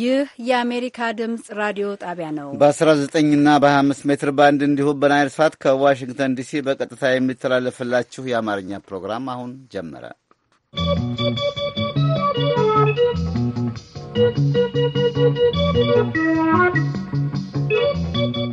ይህ የአሜሪካ ድምፅ ራዲዮ ጣቢያ ነው። በ19ና በ25 ሜትር ባንድ እንዲሁም በናይል ሳት ከዋሽንግተን ዲሲ በቀጥታ የሚተላለፍላችሁ የአማርኛ ፕሮግራም አሁን ጀመረ። ¶¶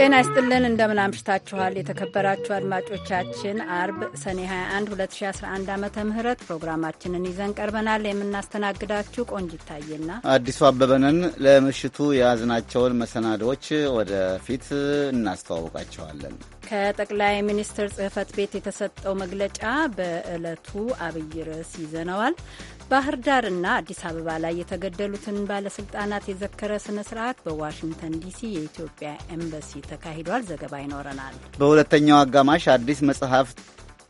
ጤና ይስጥልን እንደምን አምሽታችኋል የተከበራችሁ አድማጮቻችን አርብ ሰኔ 21 2011 ዓ ም ፕሮግራማችንን ይዘን ቀርበናል የምናስተናግዳችሁ ቆንጅ ይታየና አዲሱ አበበንን ለምሽቱ የያዝናቸውን መሰናዶዎች ወደፊት እናስተዋውቃቸዋለን ከጠቅላይ ሚኒስትር ጽህፈት ቤት የተሰጠው መግለጫ በዕለቱ አብይ ርዕስ ይዘነዋል ባህር ዳርና አዲስ አበባ ላይ የተገደሉትን ባለስልጣናት የዘከረ ስነ ስርዓት በዋሽንግተን ዲሲ የኢትዮጵያ ኤምባሲ ተካሂዷል። ዘገባ ይኖረናል። በሁለተኛው አጋማሽ አዲስ መጽሐፍ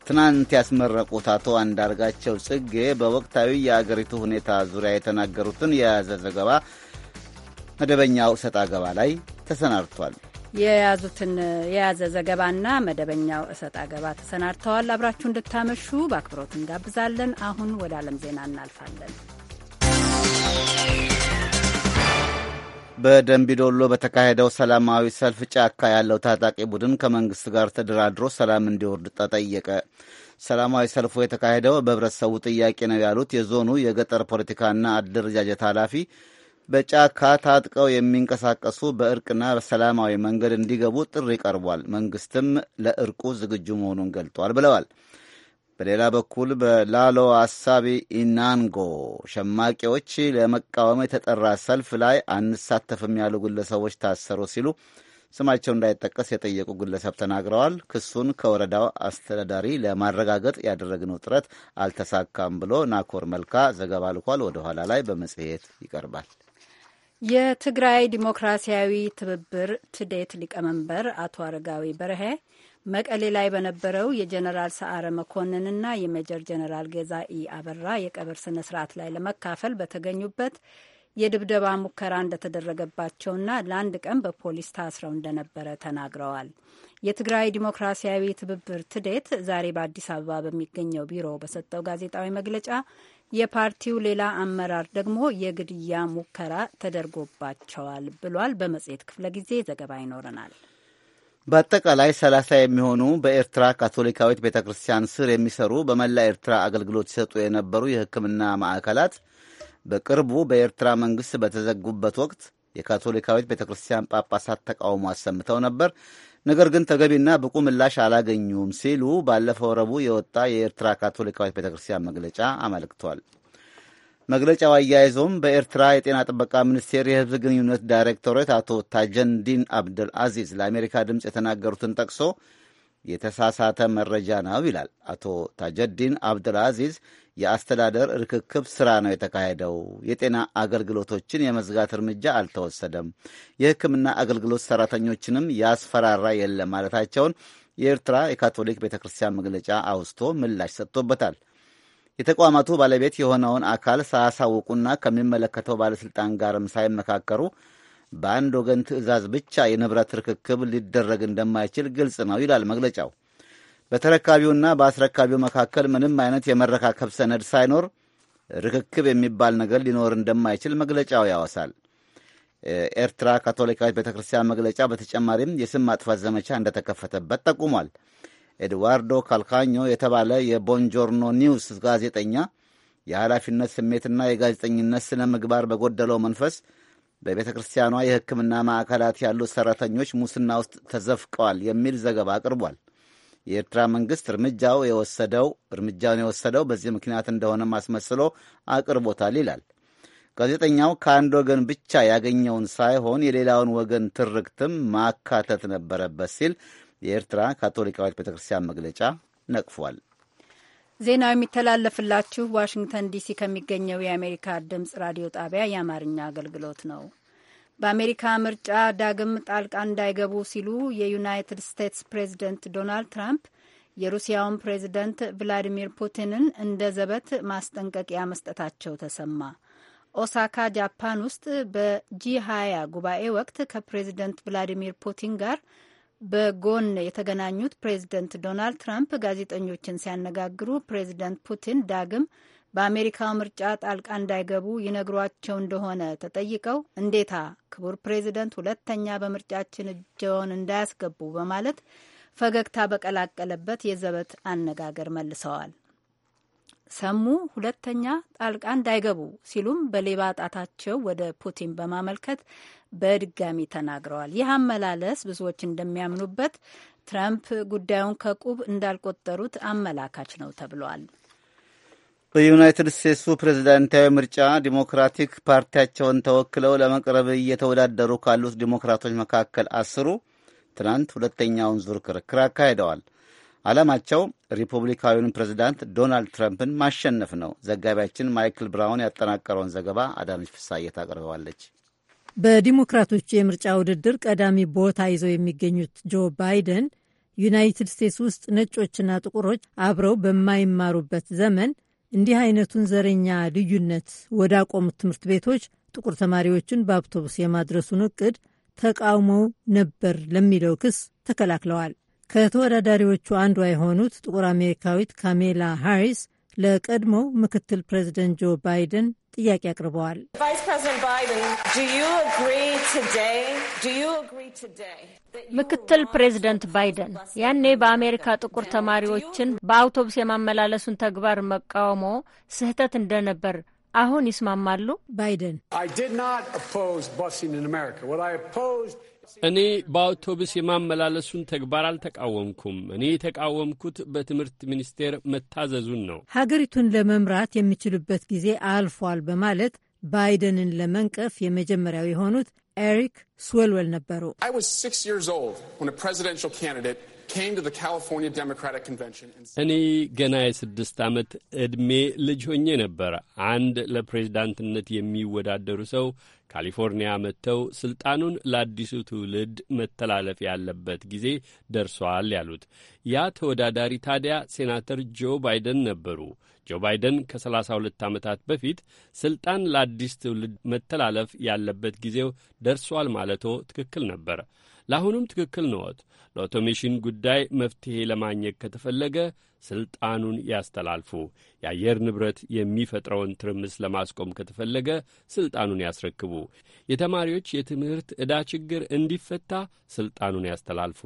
ትናንት ያስመረቁት አቶ አንዳርጋቸው ጽጌ በወቅታዊ የአገሪቱ ሁኔታ ዙሪያ የተናገሩትን የያዘ ዘገባ መደበኛው ሰጣ አገባ ላይ ተሰናድቷል። የያዙትን የያዘ ዘገባና መደበኛው እሰጥ አገባ ተሰናድተዋል። አብራችሁ እንድታመሹ በአክብሮት እንጋብዛለን። አሁን ወደ ዓለም ዜና እናልፋለን። በደንቢዶሎ በተካሄደው ሰላማዊ ሰልፍ ጫካ ያለው ታጣቂ ቡድን ከመንግስት ጋር ተደራድሮ ሰላም እንዲወርድ ተጠየቀ። ሰላማዊ ሰልፉ የተካሄደው በህብረተሰቡ ጥያቄ ነው ያሉት የዞኑ የገጠር ፖለቲካና አደረጃጀት ኃላፊ በጫካ ታጥቀው የሚንቀሳቀሱ በእርቅና በሰላማዊ መንገድ እንዲገቡ ጥሪ ቀርቧል። መንግስትም ለእርቁ ዝግጁ መሆኑን ገልጧል ብለዋል። በሌላ በኩል በላሎ አሳቢ ኢናንጎ ሸማቂዎች ለመቃወም የተጠራ ሰልፍ ላይ አንሳተፍም ያሉ ግለሰቦች ታሰሩ ሲሉ ስማቸው እንዳይጠቀስ የጠየቁ ግለሰብ ተናግረዋል። ክሱን ከወረዳው አስተዳዳሪ ለማረጋገጥ ያደረግነው ጥረት አልተሳካም ብሎ ናኮር መልካ ዘገባ ልኳል። ወደ ኋላ ላይ በመጽሔት ይቀርባል። የትግራይ ዲሞክራሲያዊ ትብብር ትዴት ሊቀመንበር አቶ አረጋዊ በርሄ መቀሌ ላይ በነበረው የጀነራል ሰዓረ መኮንንና የሜጀር ጀነራል ገዛኢ አበራ የቀብር ስነ ስርዓት ላይ ለመካፈል በተገኙበት የድብደባ ሙከራ እንደተደረገባቸውና ለአንድ ቀን በፖሊስ ታስረው እንደነበረ ተናግረዋል። የትግራይ ዲሞክራሲያዊ ትብብር ትዴት ዛሬ በአዲስ አበባ በሚገኘው ቢሮ በሰጠው ጋዜጣዊ መግለጫ የፓርቲው ሌላ አመራር ደግሞ የግድያ ሙከራ ተደርጎባቸዋል ብሏል። በመጽሔት ክፍለ ጊዜ ዘገባ ይኖረናል። በአጠቃላይ ሰላሳ የሚሆኑ በኤርትራ ካቶሊካዊት ቤተ ክርስቲያን ስር የሚሰሩ በመላ ኤርትራ አገልግሎት ሲሰጡ የነበሩ የሕክምና ማዕከላት በቅርቡ በኤርትራ መንግሥት በተዘጉበት ወቅት የካቶሊካዊት ቤተ ክርስቲያን ጳጳሳት ተቃውሞ አሰምተው ነበር። ነገር ግን ተገቢና ብቁ ምላሽ አላገኙም ሲሉ ባለፈው ረቡዕ የወጣ የኤርትራ ካቶሊካዊት ቤተ ክርስቲያን መግለጫ አመልክቷል። መግለጫው አያይዞም በኤርትራ የጤና ጥበቃ ሚኒስቴር የሕዝብ ግንኙነት ዳይሬክቶሬት አቶ ታጀንዲን አብደል አዚዝ ለአሜሪካ ድምፅ የተናገሩትን ጠቅሶ የተሳሳተ መረጃ ነው ይላል። አቶ ታጀዲን አብደል አዚዝ የአስተዳደር ርክክብ ስራ ነው የተካሄደው። የጤና አገልግሎቶችን የመዝጋት እርምጃ አልተወሰደም። የሕክምና አገልግሎት ሰራተኞችንም ያስፈራራ የለም ማለታቸውን የኤርትራ የካቶሊክ ቤተ ክርስቲያን መግለጫ አውስቶ ምላሽ ሰጥቶበታል። የተቋማቱ ባለቤት የሆነውን አካል ሳያሳውቁና ከሚመለከተው ባለሥልጣን ጋርም ሳይመካከሩ በአንድ ወገን ትዕዛዝ ብቻ የንብረት ርክክብ ሊደረግ እንደማይችል ግልጽ ነው ይላል መግለጫው። በተረካቢውና በአስረካቢው መካከል ምንም አይነት የመረካከብ ሰነድ ሳይኖር ርክክብ የሚባል ነገር ሊኖር እንደማይችል መግለጫው ያወሳል። ኤርትራ ካቶሊካዊት ቤተ ክርስቲያን መግለጫ በተጨማሪም የስም ማጥፋት ዘመቻ እንደተከፈተበት ጠቁሟል። ኤድዋርዶ ካልካኞ የተባለ የቦንጆርኖ ኒውስ ጋዜጠኛ የኃላፊነት ስሜትና የጋዜጠኝነት ስነ ምግባር በጎደለው መንፈስ በቤተ ክርስቲያኗ የሕክምና ማዕከላት ያሉት ሠራተኞች ሙስና ውስጥ ተዘፍቀዋል የሚል ዘገባ አቅርቧል። የኤርትራ መንግስት እርምጃው የወሰደው እርምጃውን የወሰደው በዚህ ምክንያት እንደሆነም አስመስሎ አቅርቦታል ይላል። ጋዜጠኛው ከአንድ ወገን ብቻ ያገኘውን ሳይሆን የሌላውን ወገን ትርክትም ማካተት ነበረበት ሲል የኤርትራ ካቶሊካዊት ቤተ ክርስቲያን መግለጫ ነቅፏል። ዜናው የሚተላለፍላችሁ ዋሽንግተን ዲሲ ከሚገኘው የአሜሪካ ድምጽ ራዲዮ ጣቢያ የአማርኛ አገልግሎት ነው። በአሜሪካ ምርጫ ዳግም ጣልቃ እንዳይገቡ ሲሉ የዩናይትድ ስቴትስ ፕሬዚደንት ዶናልድ ትራምፕ የሩሲያውን ፕሬዚደንት ቭላዲሚር ፑቲንን እንደ ዘበት ማስጠንቀቂያ መስጠታቸው ተሰማ። ኦሳካ ጃፓን ውስጥ በጂ ሀያ ጉባኤ ወቅት ከፕሬዚደንት ቭላዲሚር ፑቲን ጋር በጎን የተገናኙት ፕሬዚደንት ዶናልድ ትራምፕ ጋዜጠኞችን ሲያነጋግሩ ፕሬዚደንት ፑቲን ዳግም በአሜሪካው ምርጫ ጣልቃ እንዳይገቡ ይነግሯቸው እንደሆነ ተጠይቀው እንዴታ ክቡር ፕሬዚደንት ሁለተኛ በምርጫችን እጃቸውን እንዳያስገቡ በማለት ፈገግታ በቀላቀለበት የዘበት አነጋገር መልሰዋል። ሰሙ ሁለተኛ ጣልቃ እንዳይገቡ ሲሉም በሌባ ጣታቸው ወደ ፑቲን በማመልከት በድጋሚ ተናግረዋል። ይህ አመላለስ ብዙዎች እንደሚያምኑበት ትራምፕ ጉዳዩን ከቁብ እንዳልቆጠሩት አመላካች ነው ተብሏል። በዩናይትድ ስቴትሱ ፕሬዝዳንታዊ ምርጫ ዲሞክራቲክ ፓርቲያቸውን ተወክለው ለመቅረብ እየተወዳደሩ ካሉት ዲሞክራቶች መካከል አስሩ ትናንት ሁለተኛውን ዙር ክርክር አካሂደዋል። ዓላማቸው ሪፑብሊካዊውን ፕሬዝዳንት ዶናልድ ትራምፕን ማሸነፍ ነው። ዘጋቢያችን ማይክል ብራውን ያጠናቀረውን ዘገባ አዳነች ፍሳዬ ታቀርበዋለች። በዲሞክራቶች የምርጫ ውድድር ቀዳሚ ቦታ ይዘው የሚገኙት ጆ ባይደን ዩናይትድ ስቴትስ ውስጥ ነጮችና ጥቁሮች አብረው በማይማሩበት ዘመን እንዲህ አይነቱን ዘረኛ ልዩነት ወዳቆሙት ትምህርት ቤቶች ጥቁር ተማሪዎችን በአውቶቡስ የማድረሱን እቅድ ተቃውመው ነበር ለሚለው ክስ ተከላክለዋል። ከተወዳዳሪዎቹ አንዷ የሆኑት ጥቁር አሜሪካዊት ካሜላ ሃሪስ ለቀድሞው ምክትል ፕሬዚደንት ጆ ባይደን ጥያቄ አቅርበዋል። ምክትል ፕሬዚደንት ባይደን ያኔ በአሜሪካ ጥቁር ተማሪዎችን በአውቶቡስ የማመላለሱን ተግባር መቃወሞ ስህተት እንደነበር አሁን ይስማማሉ? ባይደን እኔ በአውቶቡስ የማመላለሱን ተግባር አልተቃወምኩም። እኔ የተቃወምኩት በትምህርት ሚኒስቴር መታዘዙን ነው። ሀገሪቱን ለመምራት የሚችሉበት ጊዜ አልፏል በማለት ባይደንን ለመንቀፍ የመጀመሪያው የሆኑት ኤሪክ ስወልወል ነበሩ። እኔ ገና የስድስት ዓመት ዕድሜ ልጅ ሆኜ ነበር አንድ ለፕሬዝዳንትነት የሚወዳደሩ ሰው ካሊፎርኒያ መጥተው ስልጣኑን ለአዲሱ ትውልድ መተላለፍ ያለበት ጊዜ ደርሷል ያሉት። ያ ተወዳዳሪ ታዲያ ሴናተር ጆ ባይደን ነበሩ። ጆ ባይደን ከ32 ዓመታት በፊት ስልጣን ለአዲስ ትውልድ መተላለፍ ያለበት ጊዜው ደርሷል ማለቶ ትክክል ነበር። ለአሁኑም ትክክል ነዎት። ለኦቶሜሽን ጉዳይ መፍትሔ ለማግኘት ከተፈለገ ስልጣኑን ያስተላልፉ። የአየር ንብረት የሚፈጥረውን ትርምስ ለማስቆም ከተፈለገ ስልጣኑን ያስረክቡ። የተማሪዎች የትምህርት ዕዳ ችግር እንዲፈታ ስልጣኑን ያስተላልፉ።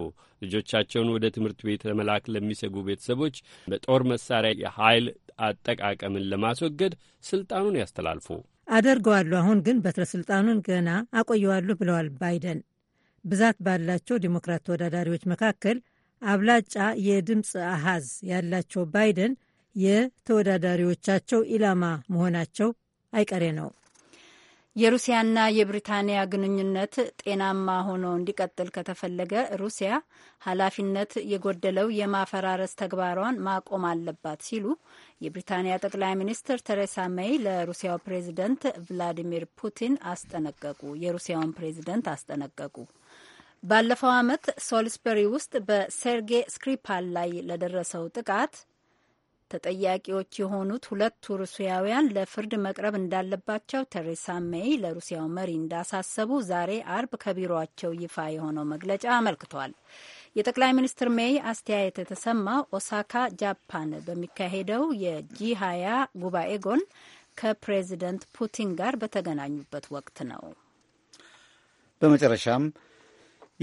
ልጆቻቸውን ወደ ትምህርት ቤት ለመላክ ለሚሰጉ ቤተሰቦች በጦር መሳሪያ የኃይል አጠቃቀምን ለማስወገድ ስልጣኑን ያስተላልፉ። አደርገዋለሁ፣ አሁን ግን በትረ ገና አቆየዋለሁ ብለዋል ባይደን። ብዛት ባላቸው ዲሞክራት ተወዳዳሪዎች መካከል አብላጫ የድምፅ አሃዝ ያላቸው ባይደን የተወዳዳሪዎቻቸው ኢላማ መሆናቸው አይቀሬ ነው። የሩሲያና የብሪታንያ ግንኙነት ጤናማ ሆኖ እንዲቀጥል ከተፈለገ ሩሲያ ኃላፊነት የጎደለው የማፈራረስ ተግባሯን ማቆም አለባት ሲሉ የብሪታንያ ጠቅላይ ሚኒስትር ቴሬሳ ሜይ ለሩሲያው ፕሬዚደንት ቭላዲሚር ፑቲን አስጠነቀቁ የሩሲያውን ፕሬዚደንት አስጠነቀቁ። ባለፈው ዓመት ሶልስበሪ ውስጥ በሴርጌ ስክሪፓል ላይ ለደረሰው ጥቃት ተጠያቂዎች የሆኑት ሁለቱ ሩሲያውያን ለፍርድ መቅረብ እንዳለባቸው ቴሬሳ ሜይ ለሩሲያው መሪ እንዳሳሰቡ ዛሬ አርብ ከቢሮቸው ይፋ የሆነው መግለጫ አመልክቷል። የጠቅላይ ሚኒስትር ሜይ አስተያየት የተሰማው ኦሳካ ጃፓን በሚካሄደው የጂ ሀያ ጉባኤ ጎን ከፕሬዚደንት ፑቲን ጋር በተገናኙበት ወቅት ነው። በመጨረሻም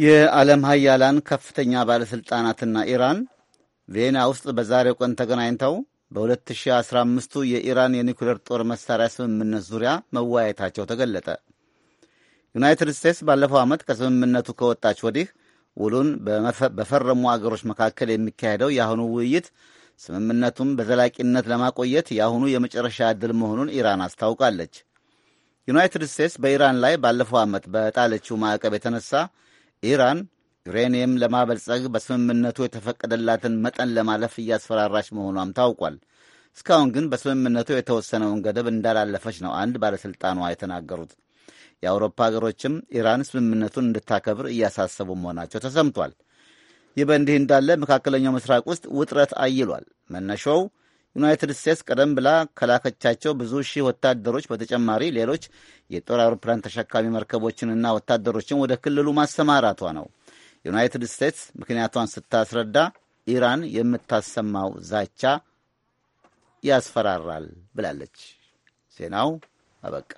የዓለም ሀያላን ከፍተኛ ባለሥልጣናትና ኢራን ቬና ውስጥ በዛሬው ቀን ተገናኝተው በ2015ቱ የኢራን የኒኩሌር ጦር መሣሪያ ስምምነት ዙሪያ መወያየታቸው ተገለጠ። ዩናይትድ ስቴትስ ባለፈው ዓመት ከስምምነቱ ከወጣች ወዲህ ውሉን በፈረሙ አገሮች መካከል የሚካሄደው የአሁኑ ውይይት ስምምነቱን በዘላቂነት ለማቆየት የአሁኑ የመጨረሻ ዕድል መሆኑን ኢራን አስታውቃለች። ዩናይትድ ስቴትስ በኢራን ላይ ባለፈው ዓመት በጣለችው ማዕቀብ የተነሳ ኢራን ዩሬኒየም ለማበልጸግ በስምምነቱ የተፈቀደላትን መጠን ለማለፍ እያስፈራራች መሆኗም ታውቋል። እስካሁን ግን በስምምነቱ የተወሰነውን ገደብ እንዳላለፈች ነው አንድ ባለሥልጣኗ የተናገሩት። የአውሮፓ ሀገሮችም ኢራን ስምምነቱን እንድታከብር እያሳሰቡ መሆናቸው ተሰምቷል። ይህ በእንዲህ እንዳለ መካከለኛው ምስራቅ ውስጥ ውጥረት አይሏል። መነሻው ዩናይትድ ስቴትስ ቀደም ብላ ከላከቻቸው ብዙ ሺህ ወታደሮች በተጨማሪ ሌሎች የጦር አውሮፕላን ተሸካሚ መርከቦችንና ወታደሮችን ወደ ክልሉ ማሰማራቷ ነው። ዩናይትድ ስቴትስ ምክንያቷን ስታስረዳ ኢራን የምታሰማው ዛቻ ያስፈራራል ብላለች። ዜናው አበቃ።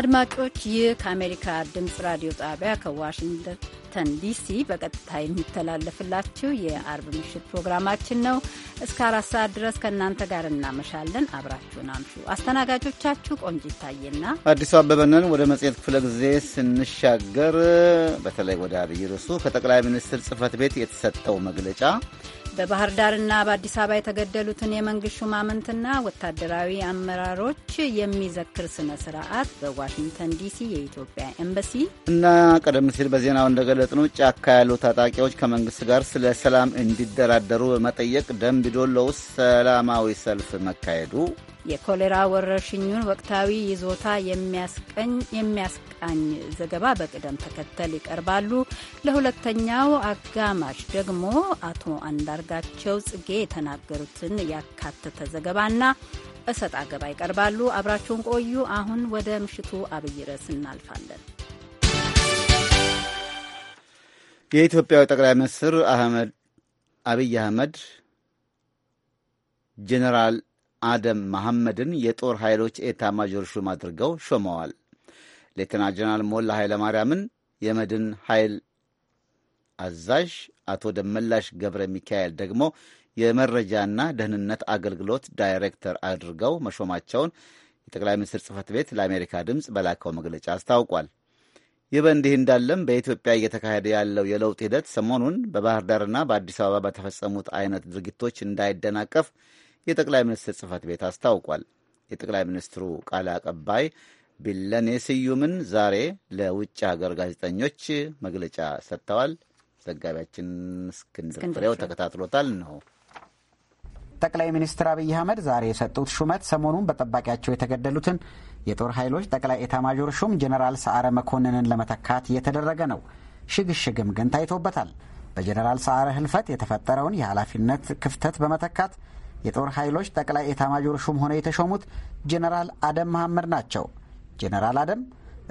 አድማጮች ይህ ከአሜሪካ ድምፅ ራዲዮ ጣቢያ ከዋሽንግተን ዲሲ በቀጥታ የሚተላለፍላችሁ የአርብ ምሽት ፕሮግራማችን ነው። እስከ አራት ሰዓት ድረስ ከእናንተ ጋር እናመሻለን። አብራችሁን አምሹ። አስተናጋጆቻችሁ ቆንጅ ይታየና አዲሱ አበበንን። ወደ መጽሔት ክፍለ ጊዜ ስንሻገር በተለይ ወደ አብይ ርዕሱ ከጠቅላይ ሚኒስትር ጽህፈት ቤት የተሰጠው መግለጫ በባህር ዳርና በአዲስ አበባ የተገደሉትን የመንግስት ሹማምንትና ወታደራዊ አመራሮች የሚዘክር ስነ ስርዓት በዋሽንግተን ዲሲ የኢትዮጵያ ኤምባሲ እና ቀደም ሲል በዜናው እንደገለጽነው ጫካ ያሉ ታጣቂዎች ከመንግስት ጋር ስለ ሰላም እንዲደራደሩ በመጠየቅ ደምቢዶሎ ውስጥ ሰላማዊ ሰልፍ መካሄዱ የኮሌራ ወረርሽኙን ወቅታዊ ይዞታ የሚያስቃኝ ዘገባ በቅደም ተከተል ይቀርባሉ። ለሁለተኛው አጋማሽ ደግሞ አቶ አንዳርጋቸው ጽጌ የተናገሩትን ያካተተ ዘገባና እሰጥ አገባ ይቀርባሉ። አብራችሁን ቆዩ። አሁን ወደ ምሽቱ አብይ ርዕስ እናልፋለን። የኢትዮጵያው ጠቅላይ ሚኒስትር አህመድ አብይ አህመድ ጄኔራል አደም መሐመድን የጦር ኃይሎች ኤታ ማጆር ሹም አድርገው ሾመዋል። ሌተና ጀነራል ሞላ ማርያምን የመድን ኃይል አዛዥ፣ አቶ ደመላሽ ገብረ ሚካኤል ደግሞ የመረጃና ደህንነት አገልግሎት ዳይሬክተር አድርገው መሾማቸውን የጠቅላይ ሚኒስትር ጽህፈት ቤት ለአሜሪካ ድምፅ በላከው መግለጫ አስታውቋል። ይህ በእንዲህ እንዳለም በኢትዮጵያ እየተካሄደ ያለው የለውጥ ሂደት ሰሞኑን በባህር ዳርና በአዲስ አበባ በተፈጸሙት አይነት ድርጊቶች እንዳይደናቀፍ የጠቅላይ ሚኒስትር ጽህፈት ቤት አስታውቋል። የጠቅላይ ሚኒስትሩ ቃል አቀባይ ቢለኔ ስዩምን ዛሬ ለውጭ ሀገር ጋዜጠኞች መግለጫ ሰጥተዋል። ዘጋቢያችን እስክንድር ፍሬው ተከታትሎታል ነው ጠቅላይ ሚኒስትር አብይ አህመድ ዛሬ የሰጡት ሹመት ሰሞኑን በጠባቂያቸው የተገደሉትን የጦር ኃይሎች ጠቅላይ ኤታማዦር ሹም ጀኔራል ሰዓረ መኮንንን ለመተካት እየተደረገ ነው። ሽግሽግም ግን ታይቶበታል። በጀኔራል ሰዓረ ህልፈት የተፈጠረውን የኃላፊነት ክፍተት በመተካት የጦር ኃይሎች ጠቅላይ ኤታማዦር ሹም ሆነው የተሾሙት ጄኔራል አደም መሐመድ ናቸው። ጄኔራል አደም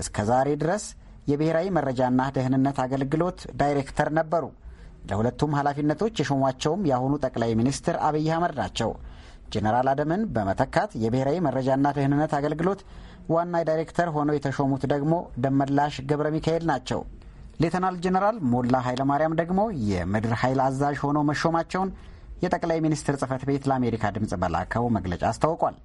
እስከ ዛሬ ድረስ የብሔራዊ መረጃና ደህንነት አገልግሎት ዳይሬክተር ነበሩ። ለሁለቱም ኃላፊነቶች የሾሟቸውም የአሁኑ ጠቅላይ ሚኒስትር አብይ አህመድ ናቸው። ጄኔራል አደምን በመተካት የብሔራዊ መረጃና ደህንነት አገልግሎት ዋና ዳይሬክተር ሆነው የተሾሙት ደግሞ ደመላሽ ገብረ ሚካኤል ናቸው። ሌተናል ጄኔራል ሞላ ኃይለማርያም ደግሞ የምድር ኃይል አዛዥ ሆነው መሾማቸውን የጠቅላይ ሚኒስትር ጽህፈት ቤት ለአሜሪካ ድምፅ በላከው መግለጫ አስታውቋል።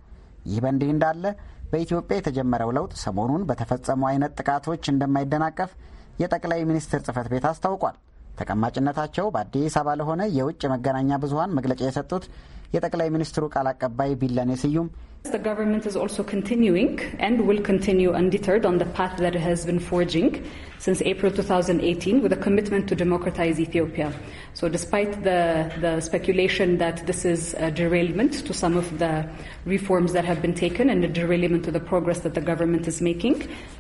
ይህ በእንዲህ እንዳለ በኢትዮጵያ የተጀመረው ለውጥ ሰሞኑን በተፈጸሙ አይነት ጥቃቶች እንደማይደናቀፍ የጠቅላይ ሚኒስትር ጽህፈት ቤት አስታውቋል። ተቀማጭነታቸው በአዲስ አበባ ለሆነ የውጭ መገናኛ ብዙሀን መግለጫ የሰጡት የጠቅላይ ሚኒስትሩ ቃል አቀባይ ቢለኔ ስዩም The government is also continuing and will continue undeterred on the path that it has been forging since April 2018 with a commitment to democratize Ethiopia. So, despite the, the speculation that this is a derailment to some of the reforms that have been taken and a derailment to the progress that the government is making,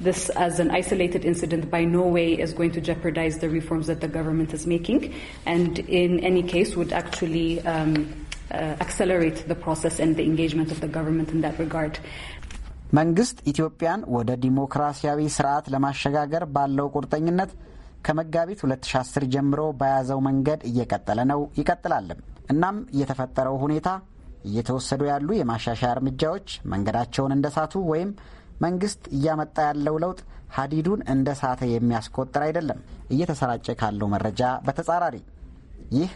this, as an isolated incident, by no way is going to jeopardize the reforms that the government is making and, in any case, would actually. Um, መንግስት ኢትዮጵያን ወደ ዲሞክራሲያዊ ስርዓት ለማሸጋገር ባለው ቁርጠኝነት ከመጋቢት 2010 ጀምሮ በያዘው መንገድ እየቀጠለ ነው ይቀጥላልም። እናም የተፈጠረው ሁኔታ እየተወሰዱ ያሉ የማሻሻያ እርምጃዎች መንገዳቸውን እንደሳቱ ወይም መንግስት እያመጣ ያለው ለውጥ ሀዲዱን እንደ ሳተ የሚያስቆጥር አይደለም፣ እየተሰራጨ ካለው መረጃ በተጻራሪ ይህ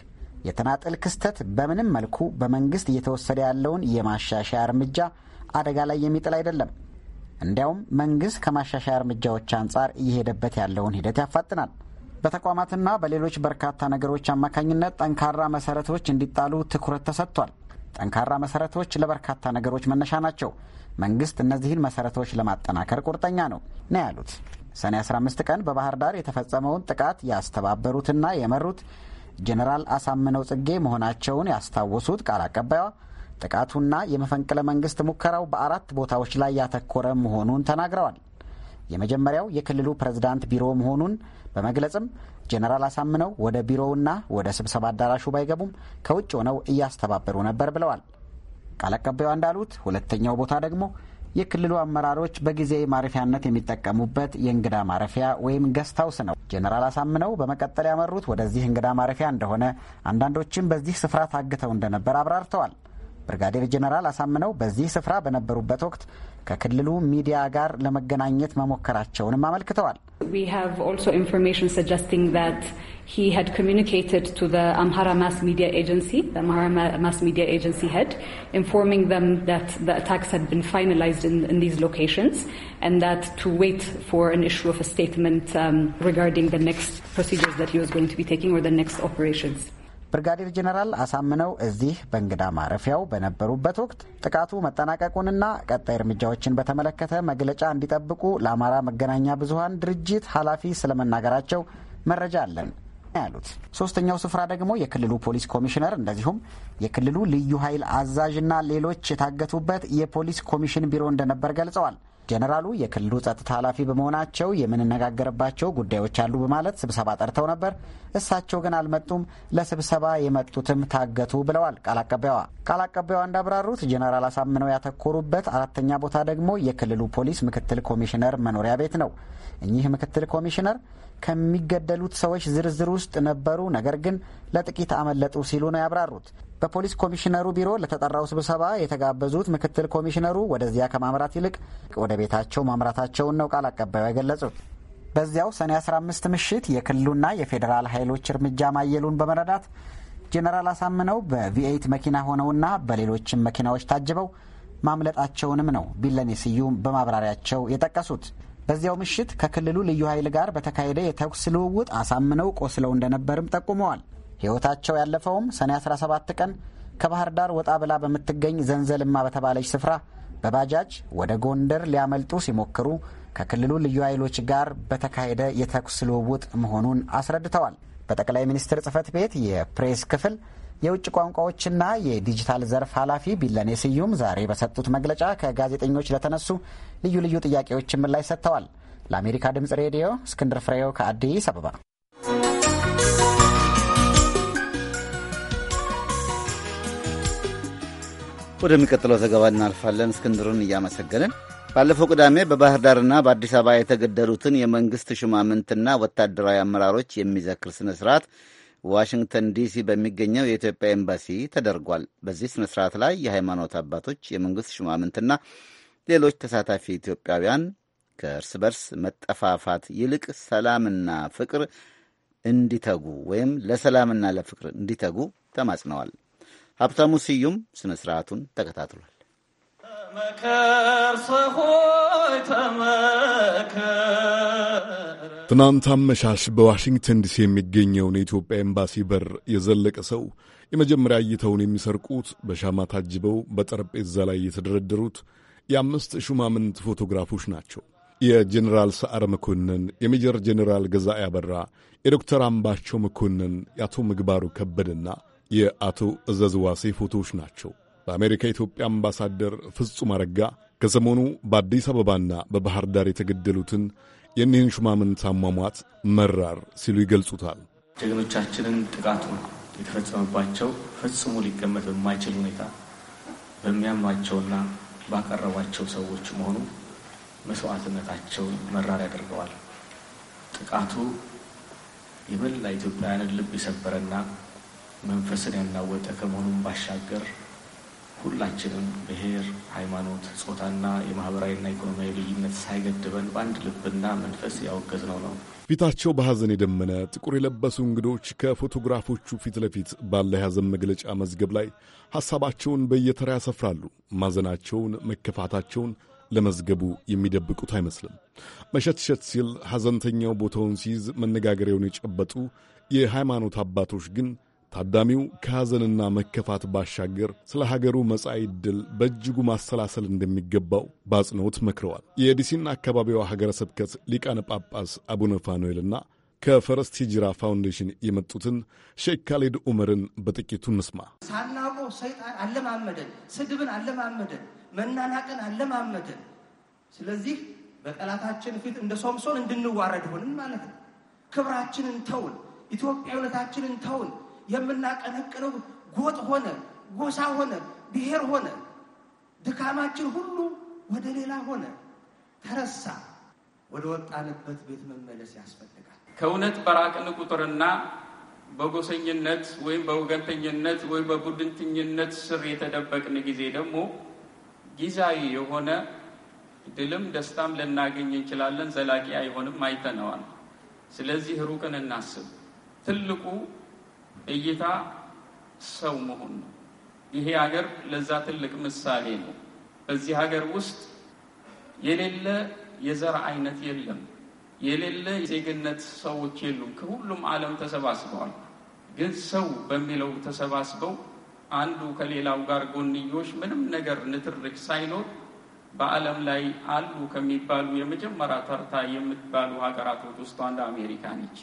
የተናጠል ክስተት በምንም መልኩ በመንግስት እየተወሰደ ያለውን የማሻሻያ እርምጃ አደጋ ላይ የሚጥል አይደለም። እንዲያውም መንግስት ከማሻሻያ እርምጃዎች አንጻር እየሄደበት ያለውን ሂደት ያፋጥናል። በተቋማትና በሌሎች በርካታ ነገሮች አማካኝነት ጠንካራ መሰረቶች እንዲጣሉ ትኩረት ተሰጥቷል። ጠንካራ መሰረቶች ለበርካታ ነገሮች መነሻ ናቸው። መንግስት እነዚህን መሰረቶች ለማጠናከር ቁርጠኛ ነው ነው ያሉት። ሰኔ 15 ቀን በባህር ዳር የተፈጸመውን ጥቃት ያስተባበሩትና የመሩት ጀነራል አሳምነው ጽጌ መሆናቸውን ያስታወሱት ቃል አቀባዩ ጥቃቱና የመፈንቅለ መንግስት ሙከራው በአራት ቦታዎች ላይ ያተኮረ መሆኑን ተናግረዋል። የመጀመሪያው የክልሉ ፕሬዝዳንት ቢሮ መሆኑን በመግለጽም ጀነራል አሳምነው ወደ ቢሮውና ወደ ስብሰባ አዳራሹ ባይገቡም ከውጭ ሆነው እያስተባበሩ ነበር ብለዋል። ቃል አቀባዩ እንዳሉት ሁለተኛው ቦታ ደግሞ የክልሉ አመራሮች በጊዜ ማረፊያነት የሚጠቀሙበት የእንግዳ ማረፊያ ወይም ገስታውስ ነው። ጄኔራል አሳምነው በመቀጠል ያመሩት ወደዚህ እንግዳ ማረፊያ እንደሆነ፣ አንዳንዶችም በዚህ ስፍራ ታግተው እንደነበር አብራርተዋል። ብርጋዴር ጀነራል አሳምነው በዚህ ስፍራ በነበሩበት ወቅት ከክልሉ ሚዲያ ጋር ለመገናኘት መሞከራቸውንም አመልክተዋል። ብርጋዴር ጀነራል አሳምነው እዚህ በእንግዳ ማረፊያው በነበሩበት ወቅት ጥቃቱ መጠናቀቁንና ቀጣይ እርምጃዎችን በተመለከተ መግለጫ እንዲጠብቁ ለአማራ መገናኛ ብዙኃን ድርጅት ኃላፊ ስለመናገራቸው መረጃ አለን ያሉት። ሶስተኛው ስፍራ ደግሞ የክልሉ ፖሊስ ኮሚሽነር እንደዚሁም የክልሉ ልዩ ኃይል አዛዥና ሌሎች የታገቱበት የፖሊስ ኮሚሽን ቢሮ እንደነበር ገልጸዋል። ጀነራሉ የክልሉ ጸጥታ ኃላፊ በመሆናቸው የምንነጋገርባቸው ጉዳዮች አሉ በማለት ስብሰባ ጠርተው ነበር። እሳቸው ግን አልመጡም። ለስብሰባ የመጡትም ታገቱ ብለዋል ቃል አቀባይዋ። ቃል አቀባይዋ እንዳብራሩት ጀነራል አሳምነው ያተኮሩበት አራተኛ ቦታ ደግሞ የክልሉ ፖሊስ ምክትል ኮሚሽነር መኖሪያ ቤት ነው። እኚህ ምክትል ኮሚሽነር ከሚገደሉት ሰዎች ዝርዝር ውስጥ ነበሩ፣ ነገር ግን ለጥቂት አመለጡ ሲሉ ነው ያብራሩት። በፖሊስ ኮሚሽነሩ ቢሮ ለተጠራው ስብሰባ የተጋበዙት ምክትል ኮሚሽነሩ ወደዚያ ከማምራት ይልቅ ወደ ቤታቸው ማምራታቸውን ነው ቃል አቀባዩ የገለጹት። በዚያው ሰኔ 15 ምሽት የክልሉና የፌዴራል ኃይሎች እርምጃ ማየሉን በመረዳት ጄኔራል አሳምነው በቪኤት መኪና ሆነውና በሌሎችም መኪናዎች ታጅበው ማምለጣቸውንም ነው ቢለኔ ስዩም በማብራሪያቸው የጠቀሱት። በዚያው ምሽት ከክልሉ ልዩ ኃይል ጋር በተካሄደ የተኩስ ልውውጥ አሳምነው ቆስለው እንደነበርም ጠቁመዋል። ሕይወታቸው ያለፈውም ሰኔ 17 ቀን ከባህር ዳር ወጣ ብላ በምትገኝ ዘንዘልማ በተባለች ስፍራ በባጃጅ ወደ ጎንደር ሊያመልጡ ሲሞክሩ ከክልሉ ልዩ ኃይሎች ጋር በተካሄደ የተኩስ ልውውጥ መሆኑን አስረድተዋል። በጠቅላይ ሚኒስትር ጽህፈት ቤት የፕሬስ ክፍል የውጭ ቋንቋዎችና የዲጂታል ዘርፍ ኃላፊ ቢለኔ ስዩም ዛሬ በሰጡት መግለጫ ከጋዜጠኞች ለተነሱ ልዩ ልዩ ጥያቄዎች ምላሽ ሰጥተዋል። ለአሜሪካ ድምፅ ሬዲዮ እስክንድር ፍሬው ከአዲስ አበባ ወደሚቀጥለው ዘገባ እናልፋለን። እስክንድሩን እያመሰገንን ባለፈው ቅዳሜ በባህር ዳርና በአዲስ አበባ የተገደሉትን የመንግሥት ሹማምንትና ወታደራዊ አመራሮች የሚዘክር ስነ ስርዓት ዋሽንግተን ዲሲ በሚገኘው የኢትዮጵያ ኤምባሲ ተደርጓል። በዚህ ስነ ስርዓት ላይ የሃይማኖት አባቶች፣ የመንግሥት ሹማምንትና ሌሎች ተሳታፊ ኢትዮጵያውያን ከእርስ በርስ መጠፋፋት ይልቅ ሰላምና ፍቅር እንዲተጉ ወይም ለሰላምና ለፍቅር እንዲተጉ ተማጽነዋል። ሀብታሙ ስዩም ስነ ስርዓቱን ተከታትሏል። ትናንት አመሻሽ በዋሽንግተን ዲሲ የሚገኘውን የኢትዮጵያ ኤምባሲ በር የዘለቀ ሰው የመጀመሪያ እይታውን የሚሰርቁት በሻማ ታጅበው በጠረጴዛ ላይ የተደረደሩት የአምስት ሹማምንት ፎቶግራፎች ናቸው። የጀኔራል ሰዓረ መኮንን፣ የሜጀር ጀኔራል ገዛኢ አበራ፣ የዶክተር አምባቸው መኮንን፣ የአቶ ምግባሩ ከበደና የአቶ እዘዝዋሴ ፎቶዎች ናቸው። በአሜሪካ የኢትዮጵያ አምባሳደር ፍጹም አረጋ ከሰሞኑ በአዲስ አበባና በባህር ዳር የተገደሉትን የእኒህን ሹማምንት አሟሟት መራር ሲሉ ይገልጹታል። ጀግኖቻችንን ጥቃቱ የተፈጸመባቸው ፈጽሞ ሊገመት በማይችል ሁኔታ በሚያምኗቸውና ባቀረቧቸው ሰዎች መሆኑ መስዋዕትነታቸውን መራር ያደርገዋል። ጥቃቱ የመላ ኢትዮጵያውያንን ልብ የሰበረና መንፈስን ያናወጠ ከመሆኑም ባሻገር ሁላችንም ብሔር፣ ሃይማኖት፣ ጾታና የማህበራዊና ኢኮኖሚያዊ ልዩነት ሳይገድበን በአንድ ልብና መንፈስ ነው ነው። ፊታቸው በሐዘን የደመነ ጥቁር የለበሱ እንግዶች ከፎቶግራፎቹ ፊት ለፊት ባለ የሐዘን መግለጫ መዝገብ ላይ ሐሳባቸውን በየተራ ያሰፍራሉ። ማዘናቸውን፣ መከፋታቸውን ለመዝገቡ የሚደብቁት አይመስልም። መሸትሸት ሲል ሐዘንተኛው ቦታውን ሲይዝ መነጋገሪያውን የጨበጡ የሃይማኖት አባቶች ግን ታዳሚው ከሐዘንና መከፋት ባሻገር ስለ ሀገሩ መጻኢ ዕድል በእጅጉ ማሰላሰል እንደሚገባው በአጽንኦት መክረዋል። የዲሲና አካባቢዋ ሀገረ ስብከት ሊቃነ ጳጳስ አቡነ ፋኑኤልና ከፈረስት ሂጅራ ፋውንዴሽን የመጡትን ሼክ ካሌድ ዑመርን በጥቂቱ እንስማ። ሳናቆ ሰይጣን አለማመደን፣ ስድብን አለማመደን፣ መናናቅን አለማመደን። ስለዚህ በጠላታችን ፊት እንደ ሶምሶን እንድንዋረድ ሆንን ማለት ነው። ክብራችንን ተውን፣ ኢትዮጵያዊነታችንን ተውን የምናቀነቅነው ጎጥ ሆነ፣ ጎሳ ሆነ፣ ብሔር ሆነ። ድካማችን ሁሉ ወደ ሌላ ሆነ፣ ተረሳ። ወደ ወጣንበት ቤት መመለስ ያስፈልጋል። ከእውነት በራቅን ቁጥርና በጎሰኝነት ወይም በወገንተኝነት ወይም በቡድንተኝነት ስር የተደበቅን ጊዜ ደግሞ ጊዜያዊ የሆነ ድልም ደስታም ልናገኝ እንችላለን። ዘላቂ አይሆንም፣ አይተነዋል። ስለዚህ ሩቅን እናስብ። ትልቁ እይታ ሰው መሆን ነው። ይሄ ሀገር ለዛ ትልቅ ምሳሌ ነው። በዚህ ሀገር ውስጥ የሌለ የዘር አይነት የለም፣ የሌለ ዜግነት ሰዎች የሉም። ከሁሉም ዓለም ተሰባስበዋል። ግን ሰው በሚለው ተሰባስበው አንዱ ከሌላው ጋር ጎንዮሽ ምንም ነገር ንትርክ ሳይኖር በዓለም ላይ አሉ ከሚባሉ የመጀመሪያ ተርታ የምትባሉ ሀገራቶች ውስጥ አንዱ አሜሪካ ነች።